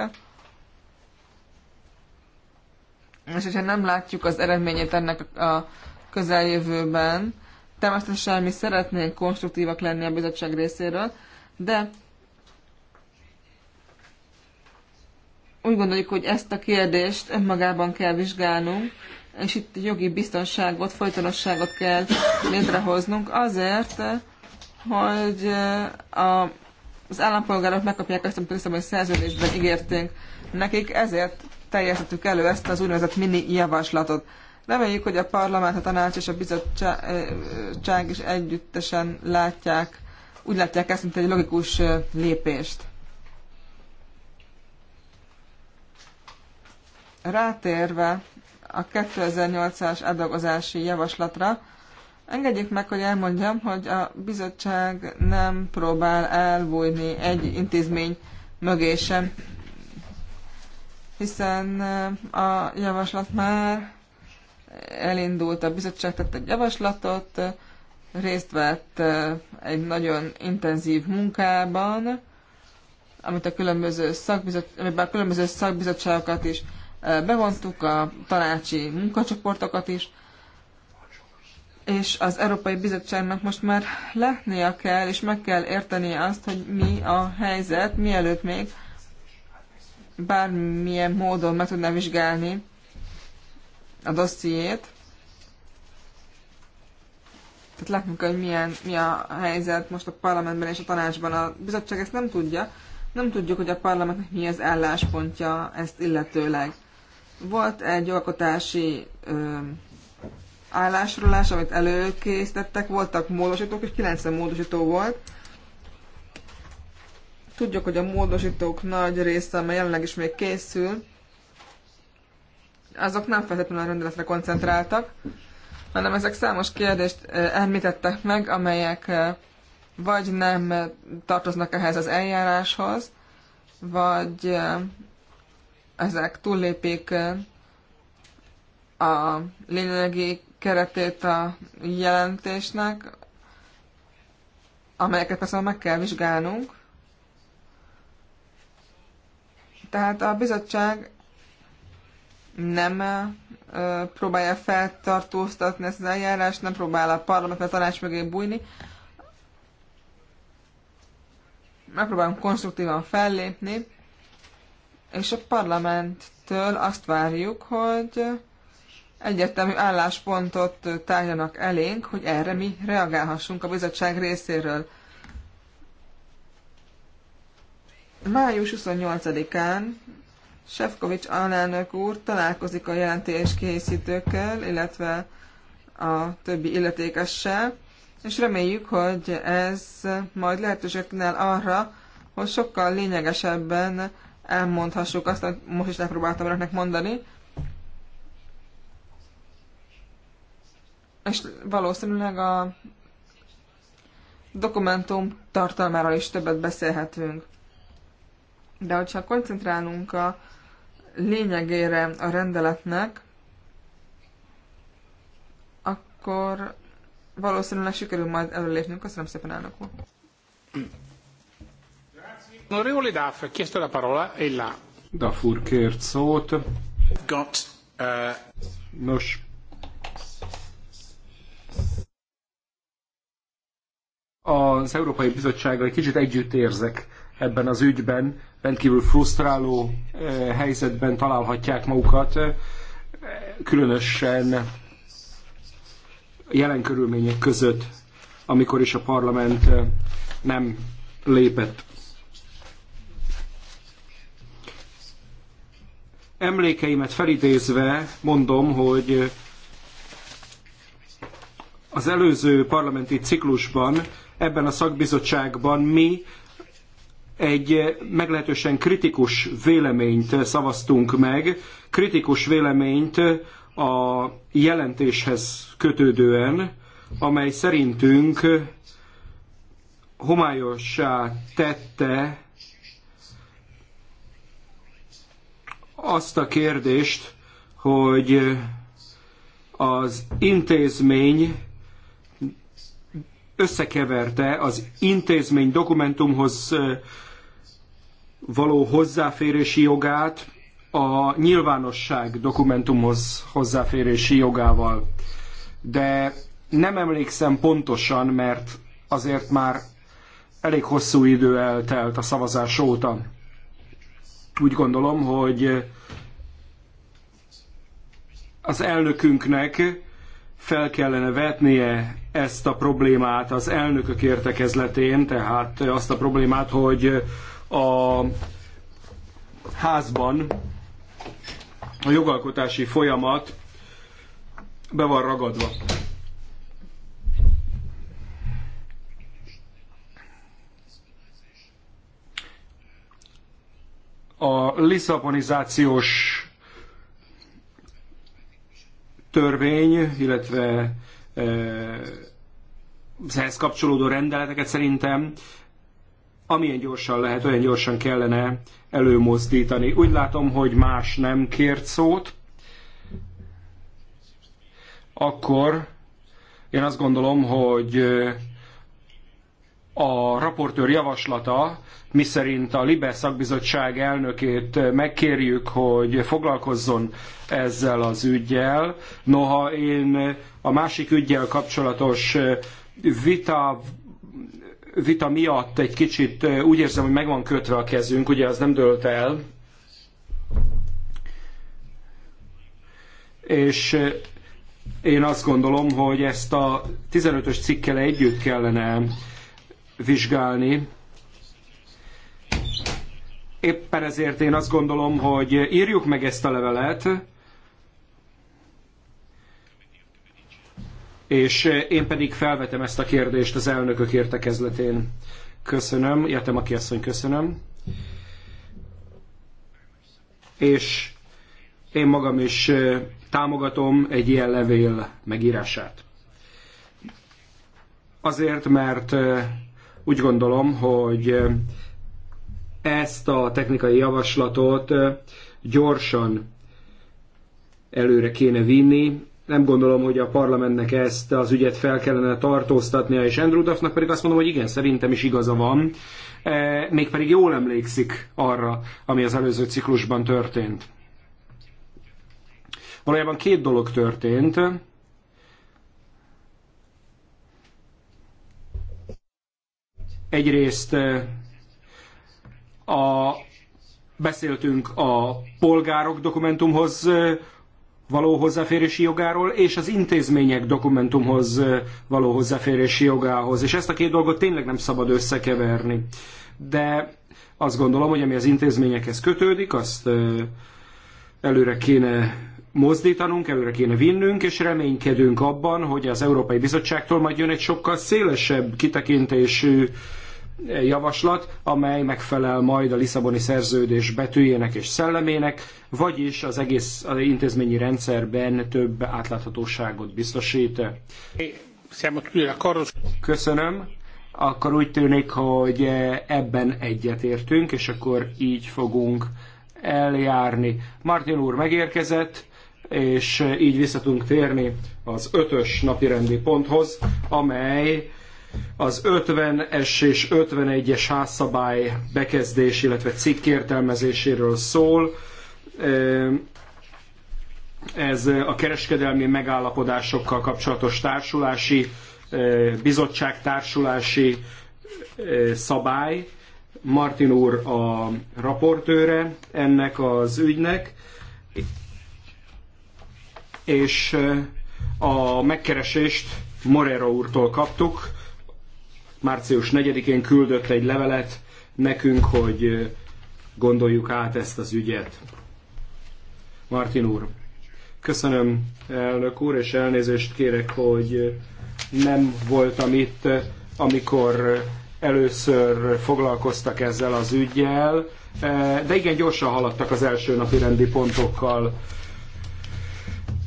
és hogyha nem látjuk az eredményét ennek a közeljövőben. Természetesen mi szeretnénk konstruktívak lenni a bizottság részéről, de úgy gondoljuk, hogy ezt a kérdést önmagában kell vizsgálnunk, és itt jogi biztonságot, folytonosságot kell létrehoznunk azért, hogy a, az állampolgárok megkapják azt, amit hiszem, hogy szerződésben ígértünk nekik, ezért teljesítettük elő ezt az úgynevezett mini javaslatot. Reméljük, hogy a parlament, a tanács és a bizottság eh, eh, is együttesen látják, úgy látják ezt, mint egy logikus eh, lépést. Rátérve a 2008-as adagozási javaslatra, engedjék meg, hogy elmondjam, hogy a bizottság nem próbál elbújni egy intézmény mögé sem, hiszen a javaslat már elindult, a bizottság tett egy javaslatot, részt vett egy nagyon intenzív munkában, amit a különböző, szakbizot, a különböző szakbizottságokat is bevontuk, a tanácsi munkacsoportokat is, és az Európai Bizottságnak most már látnia kell, és meg kell érteni azt, hogy mi a helyzet, mielőtt még bármilyen módon meg tudná vizsgálni a dossziét. Tehát látjuk, hogy milyen, mi a helyzet most a parlamentben és a tanácsban. A bizottság ezt nem tudja. Nem tudjuk, hogy a parlamentnek mi az álláspontja ezt illetőleg. Volt egy alkotási állásrólás, amit előkészítettek, voltak módosítók, és 90 módosító volt. Tudjuk, hogy a módosítók nagy része, amely jelenleg is még készül, azok nem feltétlenül a rendeletre koncentráltak, hanem ezek számos kérdést említettek meg, amelyek vagy nem tartoznak ehhez az eljáráshoz, vagy ezek túllépik a lényegi keretét a jelentésnek, amelyeket persze meg kell vizsgálnunk. Tehát a bizottság nem próbálja feltartóztatni ezt az eljárást, nem próbál a parlament vagy a tanács mögé bújni. Megpróbálunk konstruktívan fellépni, és a parlamenttől azt várjuk, hogy egyértelmű álláspontot tárjanak elénk, hogy erre mi reagálhassunk a bizottság részéről. Május 28-án Sefkovics alelnök úr találkozik a jelentés készítőkkel, illetve a többi illetékessel, és reméljük, hogy ez majd lehetőséget kínál arra, hogy sokkal lényegesebben elmondhassuk azt, amit most is megpróbáltam önöknek mondani, és valószínűleg a dokumentum tartalmáról is többet beszélhetünk. De hogyha koncentrálunk a lényegére a rendeletnek, akkor valószínűleg sikerül majd előlépnünk. Köszönöm szépen, elnök úr. Onorevole Duff, chiesto la parola, e là. Duff úr kért szót. Got, uh... Nos, az Európai Bizottsággal egy kicsit együtt érzek ebben az ügyben, rendkívül frusztráló eh, helyzetben találhatják magukat, eh, különösen jelen körülmények között, amikor is a parlament eh, nem lépett. Emlékeimet felidézve mondom, hogy az előző parlamenti ciklusban ebben a szakbizottságban mi egy meglehetősen kritikus véleményt szavaztunk meg, kritikus véleményt a jelentéshez kötődően, amely szerintünk homályossá tette azt a kérdést, hogy az intézmény összekeverte az intézmény dokumentumhoz való hozzáférési jogát a nyilvánosság dokumentumhoz hozzáférési jogával. De nem emlékszem pontosan, mert azért már elég hosszú idő eltelt a szavazás óta. Úgy gondolom, hogy az elnökünknek fel kellene vetnie ezt a problémát az elnökök értekezletén, tehát azt a problémát, hogy a házban a jogalkotási folyamat be van ragadva. A liszaponizációs törvény, illetve eh, ehhez kapcsolódó rendeleteket szerintem amilyen gyorsan lehet, olyan gyorsan kellene előmozdítani. Úgy látom, hogy más nem kért szót, akkor én azt gondolom, hogy a raportőr javaslata, miszerint a Libe szakbizottság elnökét megkérjük, hogy foglalkozzon ezzel az ügyjel. Noha én a másik ügyjel kapcsolatos vita vita miatt egy kicsit úgy érzem, hogy meg van kötve a kezünk, ugye az nem dölt el, és én azt gondolom, hogy ezt a 15-ös cikkel együtt kellene vizsgálni. Éppen ezért én azt gondolom, hogy írjuk meg ezt a levelet, és eh, én pedig felvetem ezt a kérdést az elnökök értekezletén. Köszönöm, értem a asszony, köszönöm. És én magam is eh, támogatom egy ilyen levél megírását. Azért, mert eh, úgy gondolom, hogy ezt a technikai javaslatot gyorsan előre kéne vinni, nem gondolom, hogy a parlamentnek ezt az ügyet fel kellene tartóztatnia, és Andrew Duffnak pedig azt mondom, hogy igen, szerintem is igaza van, e, mégpedig jól emlékszik arra, ami az előző ciklusban történt. Valójában két dolog történt. Egyrészt e, a, beszéltünk a polgárok dokumentumhoz való hozzáférési jogáról, és az intézmények dokumentumhoz való hozzáférési jogához. És ezt a két dolgot tényleg nem szabad összekeverni. De azt gondolom, hogy ami az intézményekhez kötődik, azt előre kéne mozdítanunk, előre kéne vinnünk, és reménykedünk abban, hogy az Európai Bizottságtól majd jön egy sokkal szélesebb kitekintésű javaslat, amely megfelel majd a Lisszaboni szerződés betűjének és szellemének, vagyis az egész az intézményi rendszerben több átláthatóságot biztosít. Köszönöm. Akkor úgy tűnik, hogy ebben egyetértünk, és akkor így fogunk eljárni. Martin úr megérkezett, és így vissza tudunk térni az ötös napirendi ponthoz, amely az 50-es és 51-es házszabály bekezdés, illetve cikk értelmezéséről szól. Ez a kereskedelmi megállapodásokkal kapcsolatos társulási, bizottság társulási szabály. Martin úr a raportőre ennek az ügynek, és a megkeresést Morero úrtól kaptuk, március 4-én küldött egy levelet nekünk, hogy gondoljuk át ezt az ügyet. Martin úr, köszönöm elnök úr, és elnézést kérek, hogy nem voltam itt, amikor először foglalkoztak ezzel az ügyjel, de igen gyorsan haladtak az első napi rendi pontokkal.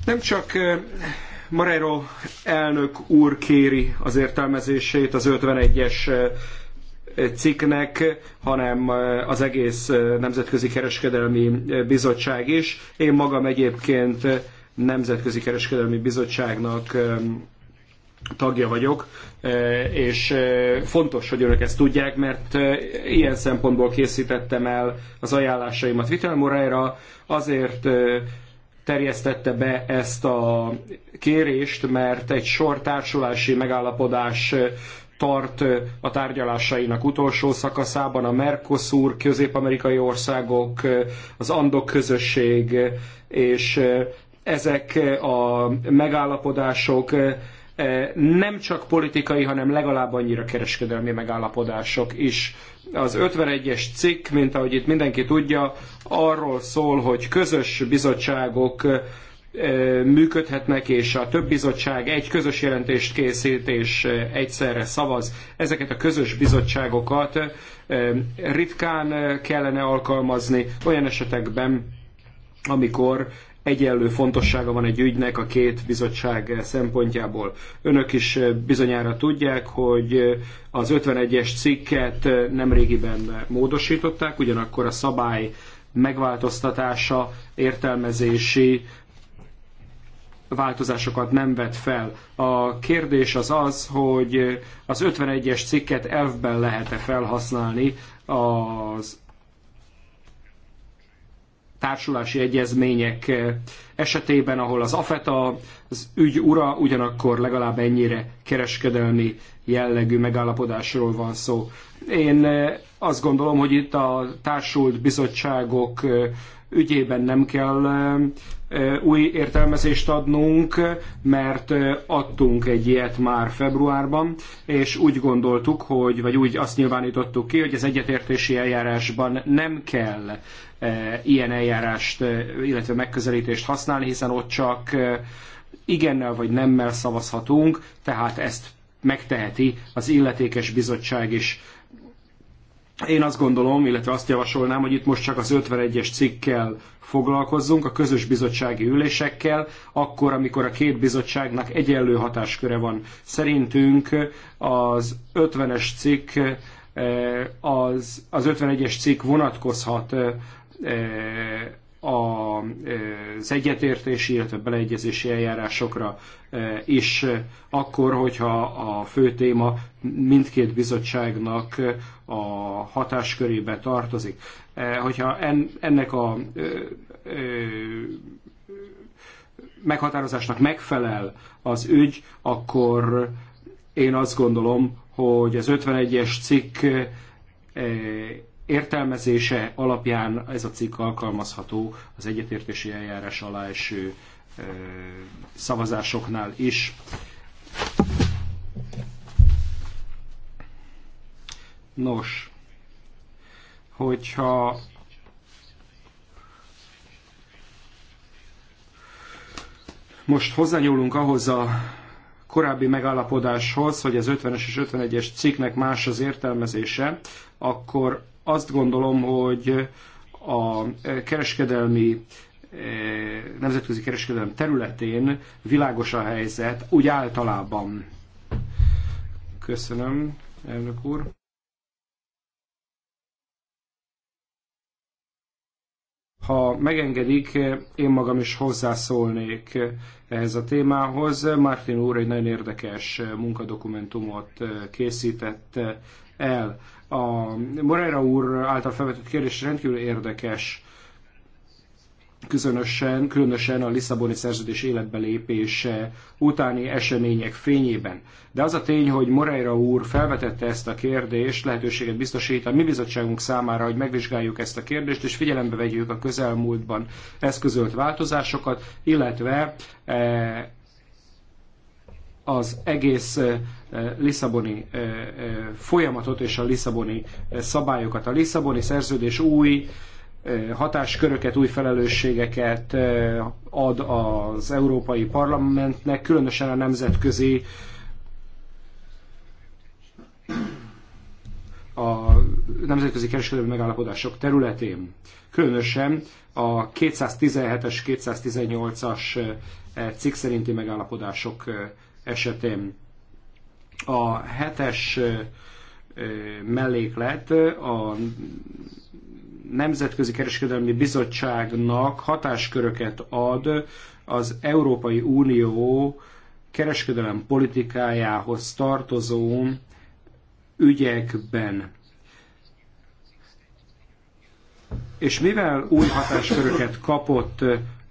Nem csak Moreiro elnök úr kéri az értelmezését az 51-es eh, cikknek, hanem eh, az egész eh, Nemzetközi Kereskedelmi Bizottság is. Én magam egyébként Nemzetközi Kereskedelmi Bizottságnak tagja vagyok, és fontos, hogy önök ezt tudják, mert ilyen szempontból készítettem el az ajánlásaimat Vitel Moreira, azért terjesztette be ezt a kérést, mert egy sor társulási megállapodás tart a tárgyalásainak utolsó szakaszában a Mercosur, közép-amerikai országok, az Andok közösség, és ezek a megállapodások nem csak politikai, hanem legalább annyira kereskedelmi megállapodások is. Az 51-es cikk, mint ahogy itt mindenki tudja, arról szól, hogy közös bizottságok működhetnek, és a több bizottság egy közös jelentést készít, és egyszerre szavaz. Ezeket a közös bizottságokat ritkán kellene alkalmazni olyan esetekben, amikor egyenlő fontossága van egy ügynek a két bizottság szempontjából. Önök is eh, bizonyára tudják, hogy eh, az 51-es cikket eh, nemrégiben módosították, ugyanakkor a szabály megváltoztatása, értelmezési változásokat nem vet fel. A kérdés az az, hogy az 51-es cikket elfben lehet-e felhasználni az társulási egyezmények eh, esetében, ahol az AFETA az ügy ura, ugyanakkor legalább ennyire kereskedelmi jellegű megállapodásról van szó. Én eh, azt gondolom, hogy itt a társult bizottságok eh, ügyében nem kell új értelmezést adnunk, mert adtunk egy ilyet már februárban, és úgy gondoltuk, hogy, vagy úgy azt nyilvánítottuk ki, hogy az egyetértési eljárásban nem kell E, ilyen eljárást, e, illetve megközelítést használni, hiszen ott csak e, igennel vagy nemmel szavazhatunk, tehát ezt megteheti az illetékes bizottság is. Én azt gondolom, illetve azt javasolnám, hogy itt most csak az 51-es cikkkel foglalkozzunk, a közös bizottsági ülésekkel, akkor, amikor a két bizottságnak egyenlő hatásköre van. Szerintünk az 50-es cikk az, az 51-es cikk vonatkozhat Eh, eh, az egyetértési, illetve beleegyezési eljárásokra eh, is akkor, hogyha a fő téma mindkét bizottságnak a hatáskörébe tartozik. Hogyha ennek a meghatározásnak megfelel az ügy, akkor én azt gondolom, hogy az 51-es cikk értelmezése alapján ez a cikk alkalmazható az egyetértési eljárás alá eső szavazásoknál is. Nos, hogyha most hozzányúlunk ahhoz a korábbi megállapodáshoz, hogy az 50-es és 51-es cikknek más az értelmezése, akkor azt gondolom, hogy a kereskedelmi eh, nemzetközi kereskedelem területén világos a helyzet, úgy általában. Köszönöm, elnök úr. Ha megengedik, én magam is hozzászólnék ehhez a témához. Martin úr egy nagyon érdekes munkadokumentumot készített el. A Moreira úr által felvetett kérdés rendkívül érdekes, közönösen, különösen a Lisszaboni szerződés életbe lépése utáni események fényében. De az a tény, hogy Moreira úr felvetette ezt a kérdést, lehetőséget biztosít a mi bizottságunk számára, hogy megvizsgáljuk ezt a kérdést, és figyelembe vegyük a közelmúltban eszközölt változásokat, illetve eh, az egész Lisszaboni folyamatot és a Lisszaboni szabályokat. A Lisszaboni szerződés új hatásköröket, új felelősségeket ad az Európai Parlamentnek, különösen a nemzetközi a nemzetközi kereskedelmi megállapodások területén. Különösen a 217-es, 218-as cikk szerinti megállapodások esetén. A hetes melléklet a Nemzetközi Kereskedelmi Bizottságnak hatásköröket ad az Európai Unió kereskedelem politikájához tartozó ügyekben. És mivel új hatásköröket kapott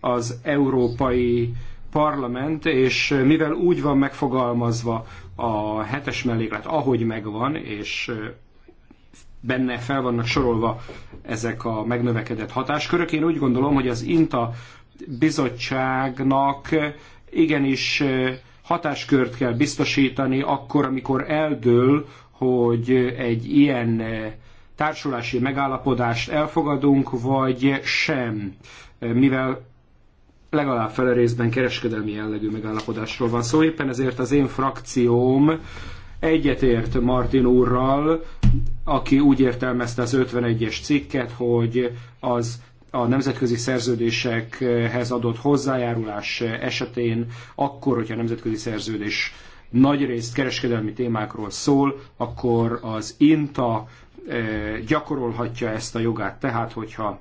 az Európai parlament, és mivel úgy van megfogalmazva a hetes melléklet, ahogy megvan, és benne fel vannak sorolva ezek a megnövekedett hatáskörök, én úgy gondolom, hogy az INTA bizottságnak igenis hatáskört kell biztosítani akkor, amikor eldől, hogy egy ilyen társulási megállapodást elfogadunk, vagy sem. Mivel legalább fele részben kereskedelmi jellegű megállapodásról van szó. Szóval éppen ezért az én frakcióm egyetért Martin úrral, aki úgy értelmezte az 51-es cikket, hogy az a nemzetközi szerződésekhez adott hozzájárulás esetén, akkor, hogyha a nemzetközi szerződés nagy részt kereskedelmi témákról szól, akkor az INTA eh, gyakorolhatja ezt a jogát. Tehát, hogyha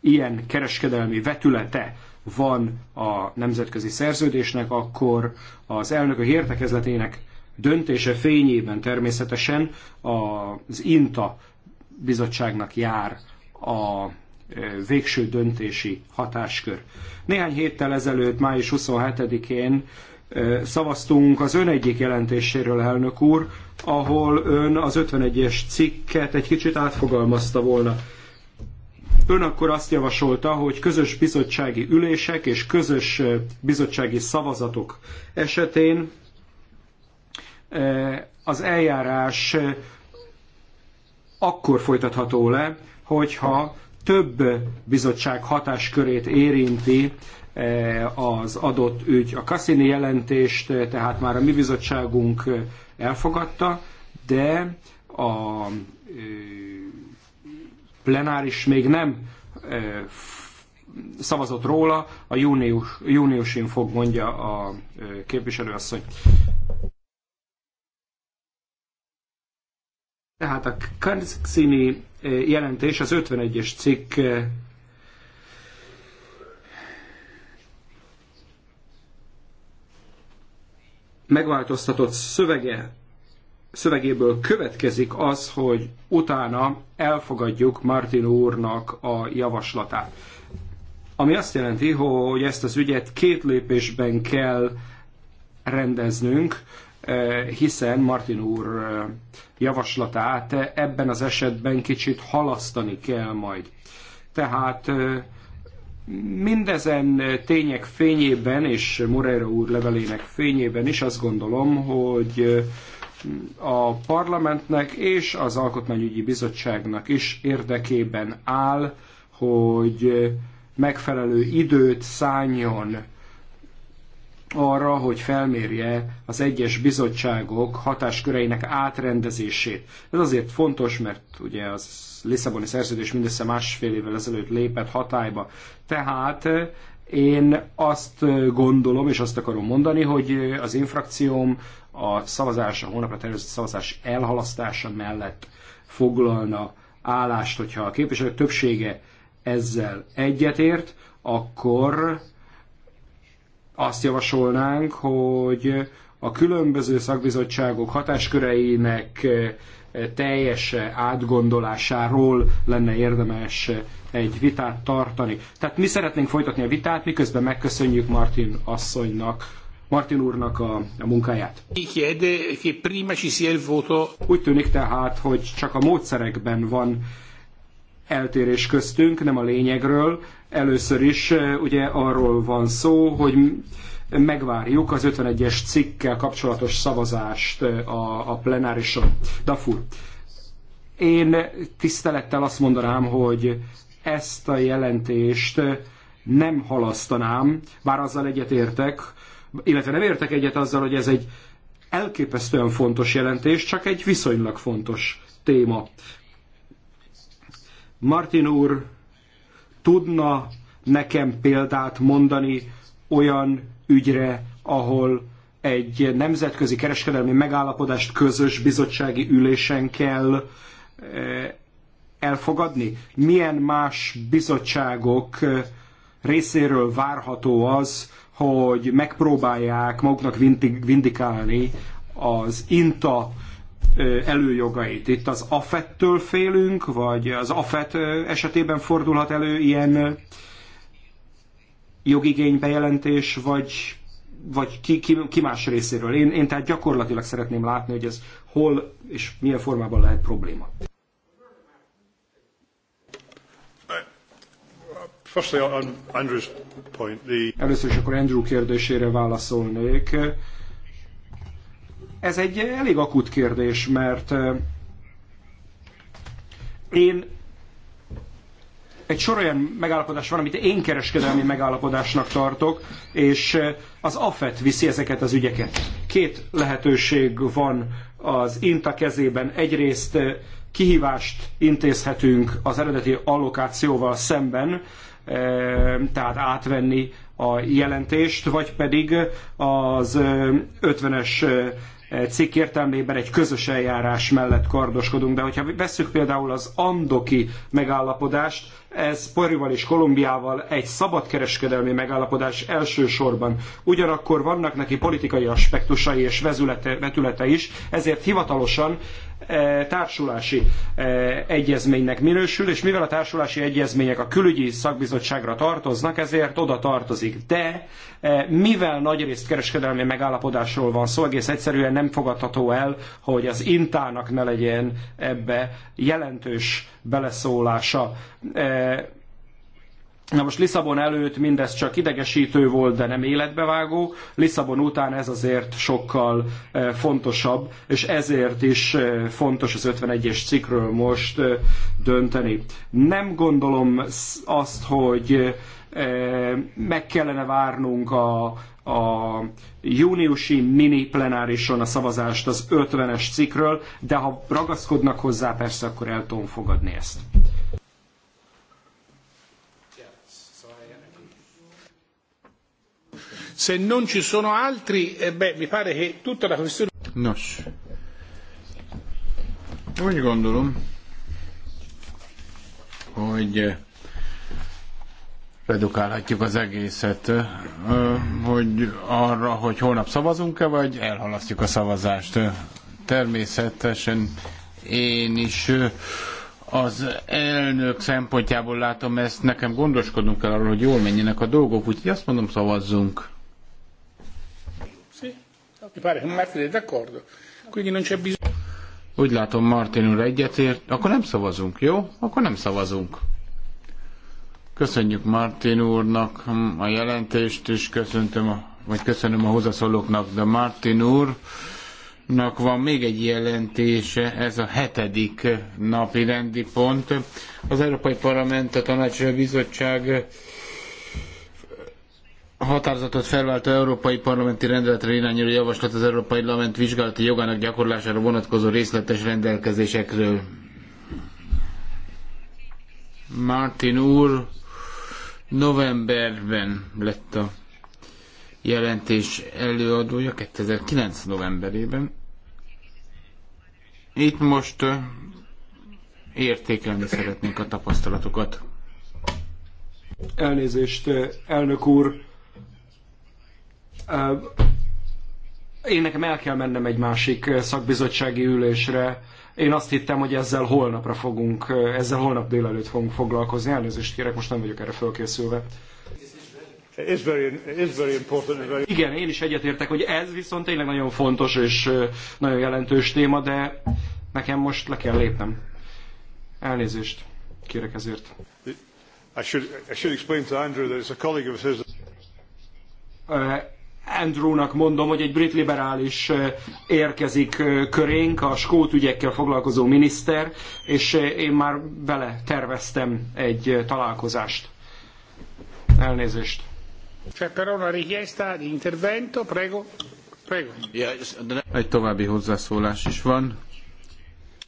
ilyen kereskedelmi vetülete van a nemzetközi szerződésnek, akkor az elnökök értekezletének döntése fényében természetesen az INTA bizottságnak jár a végső döntési hatáskör. Néhány héttel ezelőtt, május 27-én szavaztunk az ön egyik jelentéséről, elnök úr, ahol ön az 51-es cikket egy kicsit átfogalmazta volna. Ön akkor azt javasolta, hogy közös bizottsági ülések és közös bizottsági szavazatok esetén az eljárás akkor folytatható le, hogyha több bizottság hatáskörét érinti az adott ügy. A Cassini jelentést tehát már a mi bizottságunk elfogadta, de a plenáris még nem szavazott róla, a június, júniusin fog mondja a képviselőasszony. Tehát a Karzini jelentés az 51-es cikk megváltoztatott szövege szövegéből következik az, hogy utána elfogadjuk Martin úrnak a javaslatát. Ami azt jelenti, hogy ezt az ügyet két lépésben kell rendeznünk, eh, hiszen Martin úr eh, javaslatát ebben az esetben kicsit halasztani kell majd. Tehát eh, mindezen tények fényében és Moreira úr levelének fényében is azt gondolom, hogy a parlamentnek és az Alkotmányügyi Bizottságnak is érdekében áll, hogy megfelelő időt szálljon arra, hogy felmérje az egyes bizottságok hatásköreinek átrendezését. Ez azért fontos, mert ugye az Lisszaboni szerződés mindössze másfél évvel ezelőtt lépett hatályba. Tehát én azt gondolom, és azt akarom mondani, hogy az én frakcióm a szavazás, a hónapra tervezett szavazás elhalasztása mellett foglalna állást, hogyha a képviselők többsége ezzel egyetért, akkor azt javasolnánk, hogy a különböző szakbizottságok hatásköreinek eh, teljes átgondolásáról lenne érdemes eh, egy vitát tartani. Tehát mi szeretnénk folytatni a vitát, miközben megköszönjük Martin asszonynak, Martin úrnak a, a munkáját. Úgy tűnik tehát, hogy csak a módszerekben van eltérés köztünk, nem a lényegről. Először is eh, ugye arról van szó, hogy megvárjuk az 51-es cikkkel kapcsolatos szavazást a, a plenárison. Dafur, én tisztelettel azt mondanám, hogy ezt a jelentést nem halasztanám, bár azzal egyetértek, illetve nem értek egyet azzal, hogy ez egy elképesztően fontos jelentés, csak egy viszonylag fontos téma. Martin úr tudna nekem példát mondani olyan ügyre, ahol egy nemzetközi kereskedelmi megállapodást közös bizottsági ülésen kell eh, elfogadni? Milyen más bizottságok eh, részéről várható az, hogy megpróbálják maguknak vindikálni az INTA eh, előjogait. Itt az AFET-től félünk, vagy az AFET esetében fordulhat elő ilyen jogigénybejelentés, vagy, vagy ki, ki, ki más részéről. Én, én tehát gyakorlatilag szeretném látni, hogy ez hol és milyen formában lehet probléma. Először is akkor Andrew kérdésére válaszolnék. Ez egy elég akut kérdés, mert eh, én egy sor olyan megállapodás van, amit én kereskedelmi megállapodásnak tartok, és az AFET viszi ezeket az ügyeket. Két lehetőség van az INTA kezében. Egyrészt kihívást intézhetünk az eredeti allokációval szemben, tehát átvenni a jelentést, vagy pedig az 50-es cikk értelmében egy közös eljárás mellett kardoskodunk. De hogyha vesszük például az andoki megállapodást, ez Peruval és Kolumbiával egy szabadkereskedelmi megállapodás elsősorban. Ugyanakkor vannak neki politikai aspektusai és vezülete, vetülete is, ezért hivatalosan e, társulási e, egyezménynek minősül, és mivel a társulási egyezmények a külügyi szakbizottságra tartoznak, ezért oda tartozik. De e, mivel nagyrészt kereskedelmi megállapodásról van szó, egész egyszerűen nem fogadható el, hogy az intának ne legyen ebbe jelentős beleszólása. Na most Lisszabon előtt mindez csak idegesítő volt, de nem életbevágó. Lisszabon után ez azért sokkal e, fontosabb, és ezért is e, fontos az 51-es cikről most e, dönteni. Nem gondolom azt, hogy meg kellene várnunk a, a júniusi mini plenárison a szavazást az 50-es cikről, de ha ragaszkodnak hozzá, persze akkor el tudom fogadni ezt. Se non ci sono altri, eh beh, mi pare che tutta la questione... Nos. Úgy gondolom, hogy eh, redukálhatjuk az egészet, eh, hogy arra, hogy holnap szavazunk-e, vagy elhalasztjuk a szavazást. Természetesen én is eh, az elnök szempontjából látom ezt, nekem gondoskodnunk kell arról, hogy jól menjenek a dolgok, úgyhogy azt mondom, szavazzunk. Mi pare che Martin è d'accordo. Quindi non c'è bisogno. Úgy látom, Martin úr egyetért. Akkor nem szavazunk, jó? Akkor nem szavazunk. Köszönjük Martin úrnak a jelentést, és köszöntöm a, vagy köszönöm a hozzászólóknak, de Martin úrnak van még egy jelentése, ez a hetedik napi rendi pont. Az Európai Parlament, a Tanács Bizottság a határozatot felváltó Európai Parlamenti Rendeletre irányuló javaslat az Európai Parlament vizsgálati jogának gyakorlására vonatkozó részletes rendelkezésekről. Martin úr novemberben lett a jelentés előadója, 2009. novemberében. Itt most értékelni szeretnénk a tapasztalatokat. Elnézést, elnök úr, én nekem el kell mennem egy másik szakbizottsági ülésre. Én azt hittem, hogy ezzel holnapra fogunk, ezzel holnap délelőtt fogunk foglalkozni. Elnézést kérek, most nem vagyok erre fölkészülve. It's very, it's very important, very... Igen, én is egyetértek, hogy ez viszont tényleg nagyon fontos és nagyon jelentős téma, de nekem most le kell lépnem. Elnézést kérek ezért. I should, I should explain to Andrew that it's a colleague of his. Andrewnak mondom, hogy egy brit liberális érkezik körénk, a skót ügyekkel foglalkozó miniszter, és én már vele terveztem egy találkozást. Elnézést. di intervento, prego. Prego. Egy további hozzászólás is van.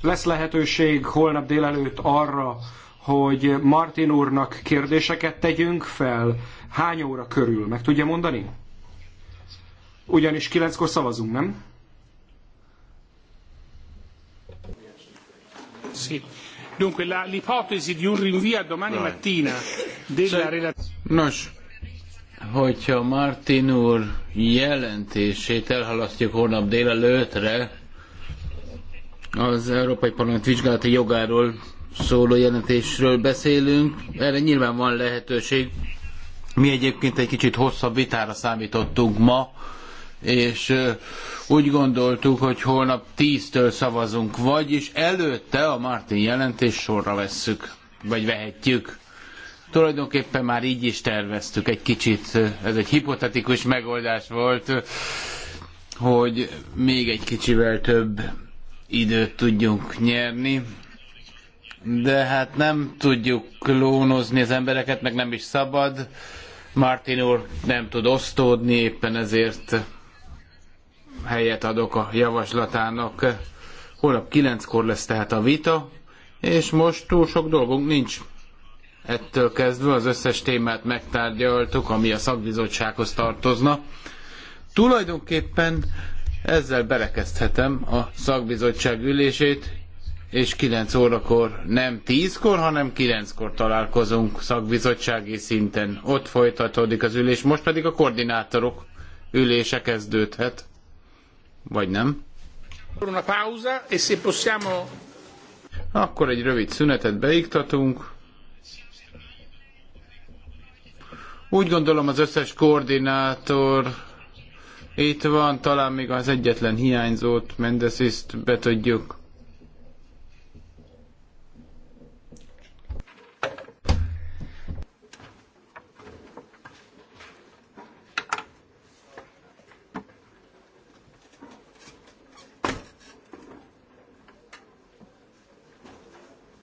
Lesz lehetőség holnap délelőtt arra, hogy Martin úrnak kérdéseket tegyünk fel. Hány óra körül? Meg tudja mondani? Ugyanis kilenckor szavazunk, nem? Sì. Dunque l'ipotesi di un rinvio a domani mattina della relazione. Nos, hogyha Martin úr jelentését elhalasztjuk holnap délelőtre, az Európai Parlament vizsgálati jogáról szóló jelentésről beszélünk. Erre nyilván van lehetőség. Mi egyébként egy kicsit hosszabb vitára számítottunk ma, és úgy gondoltuk, hogy holnap 10-től szavazunk, vagyis előtte a Martin jelentés sorra vesszük, vagy vehetjük. Tulajdonképpen már így is terveztük egy kicsit, ez egy hipotetikus megoldás volt, hogy még egy kicsivel több időt tudjunk nyerni. De hát nem tudjuk klónozni az embereket, meg nem is szabad. Martin úr nem tud osztódni, éppen ezért helyet adok a javaslatának. Holnap kilenckor lesz tehát a vita, és most túl sok dolgunk nincs. Ettől kezdve az összes témát megtárgyaltuk, ami a szakbizottsághoz tartozna. Tulajdonképpen ezzel berekezthetem a szakbizottság ülését, és 9 órakor, nem 10-kor, hanem 9-kor találkozunk szakbizottsági szinten. Ott folytatódik az ülés, most pedig a koordinátorok ülése kezdődhet. Vagy nem? E Akkor egy rövid szünetet beiktatunk. Úgy gondolom az összes koordinátor itt van, talán még az egyetlen hiányzót, Mendesiszt be tudjuk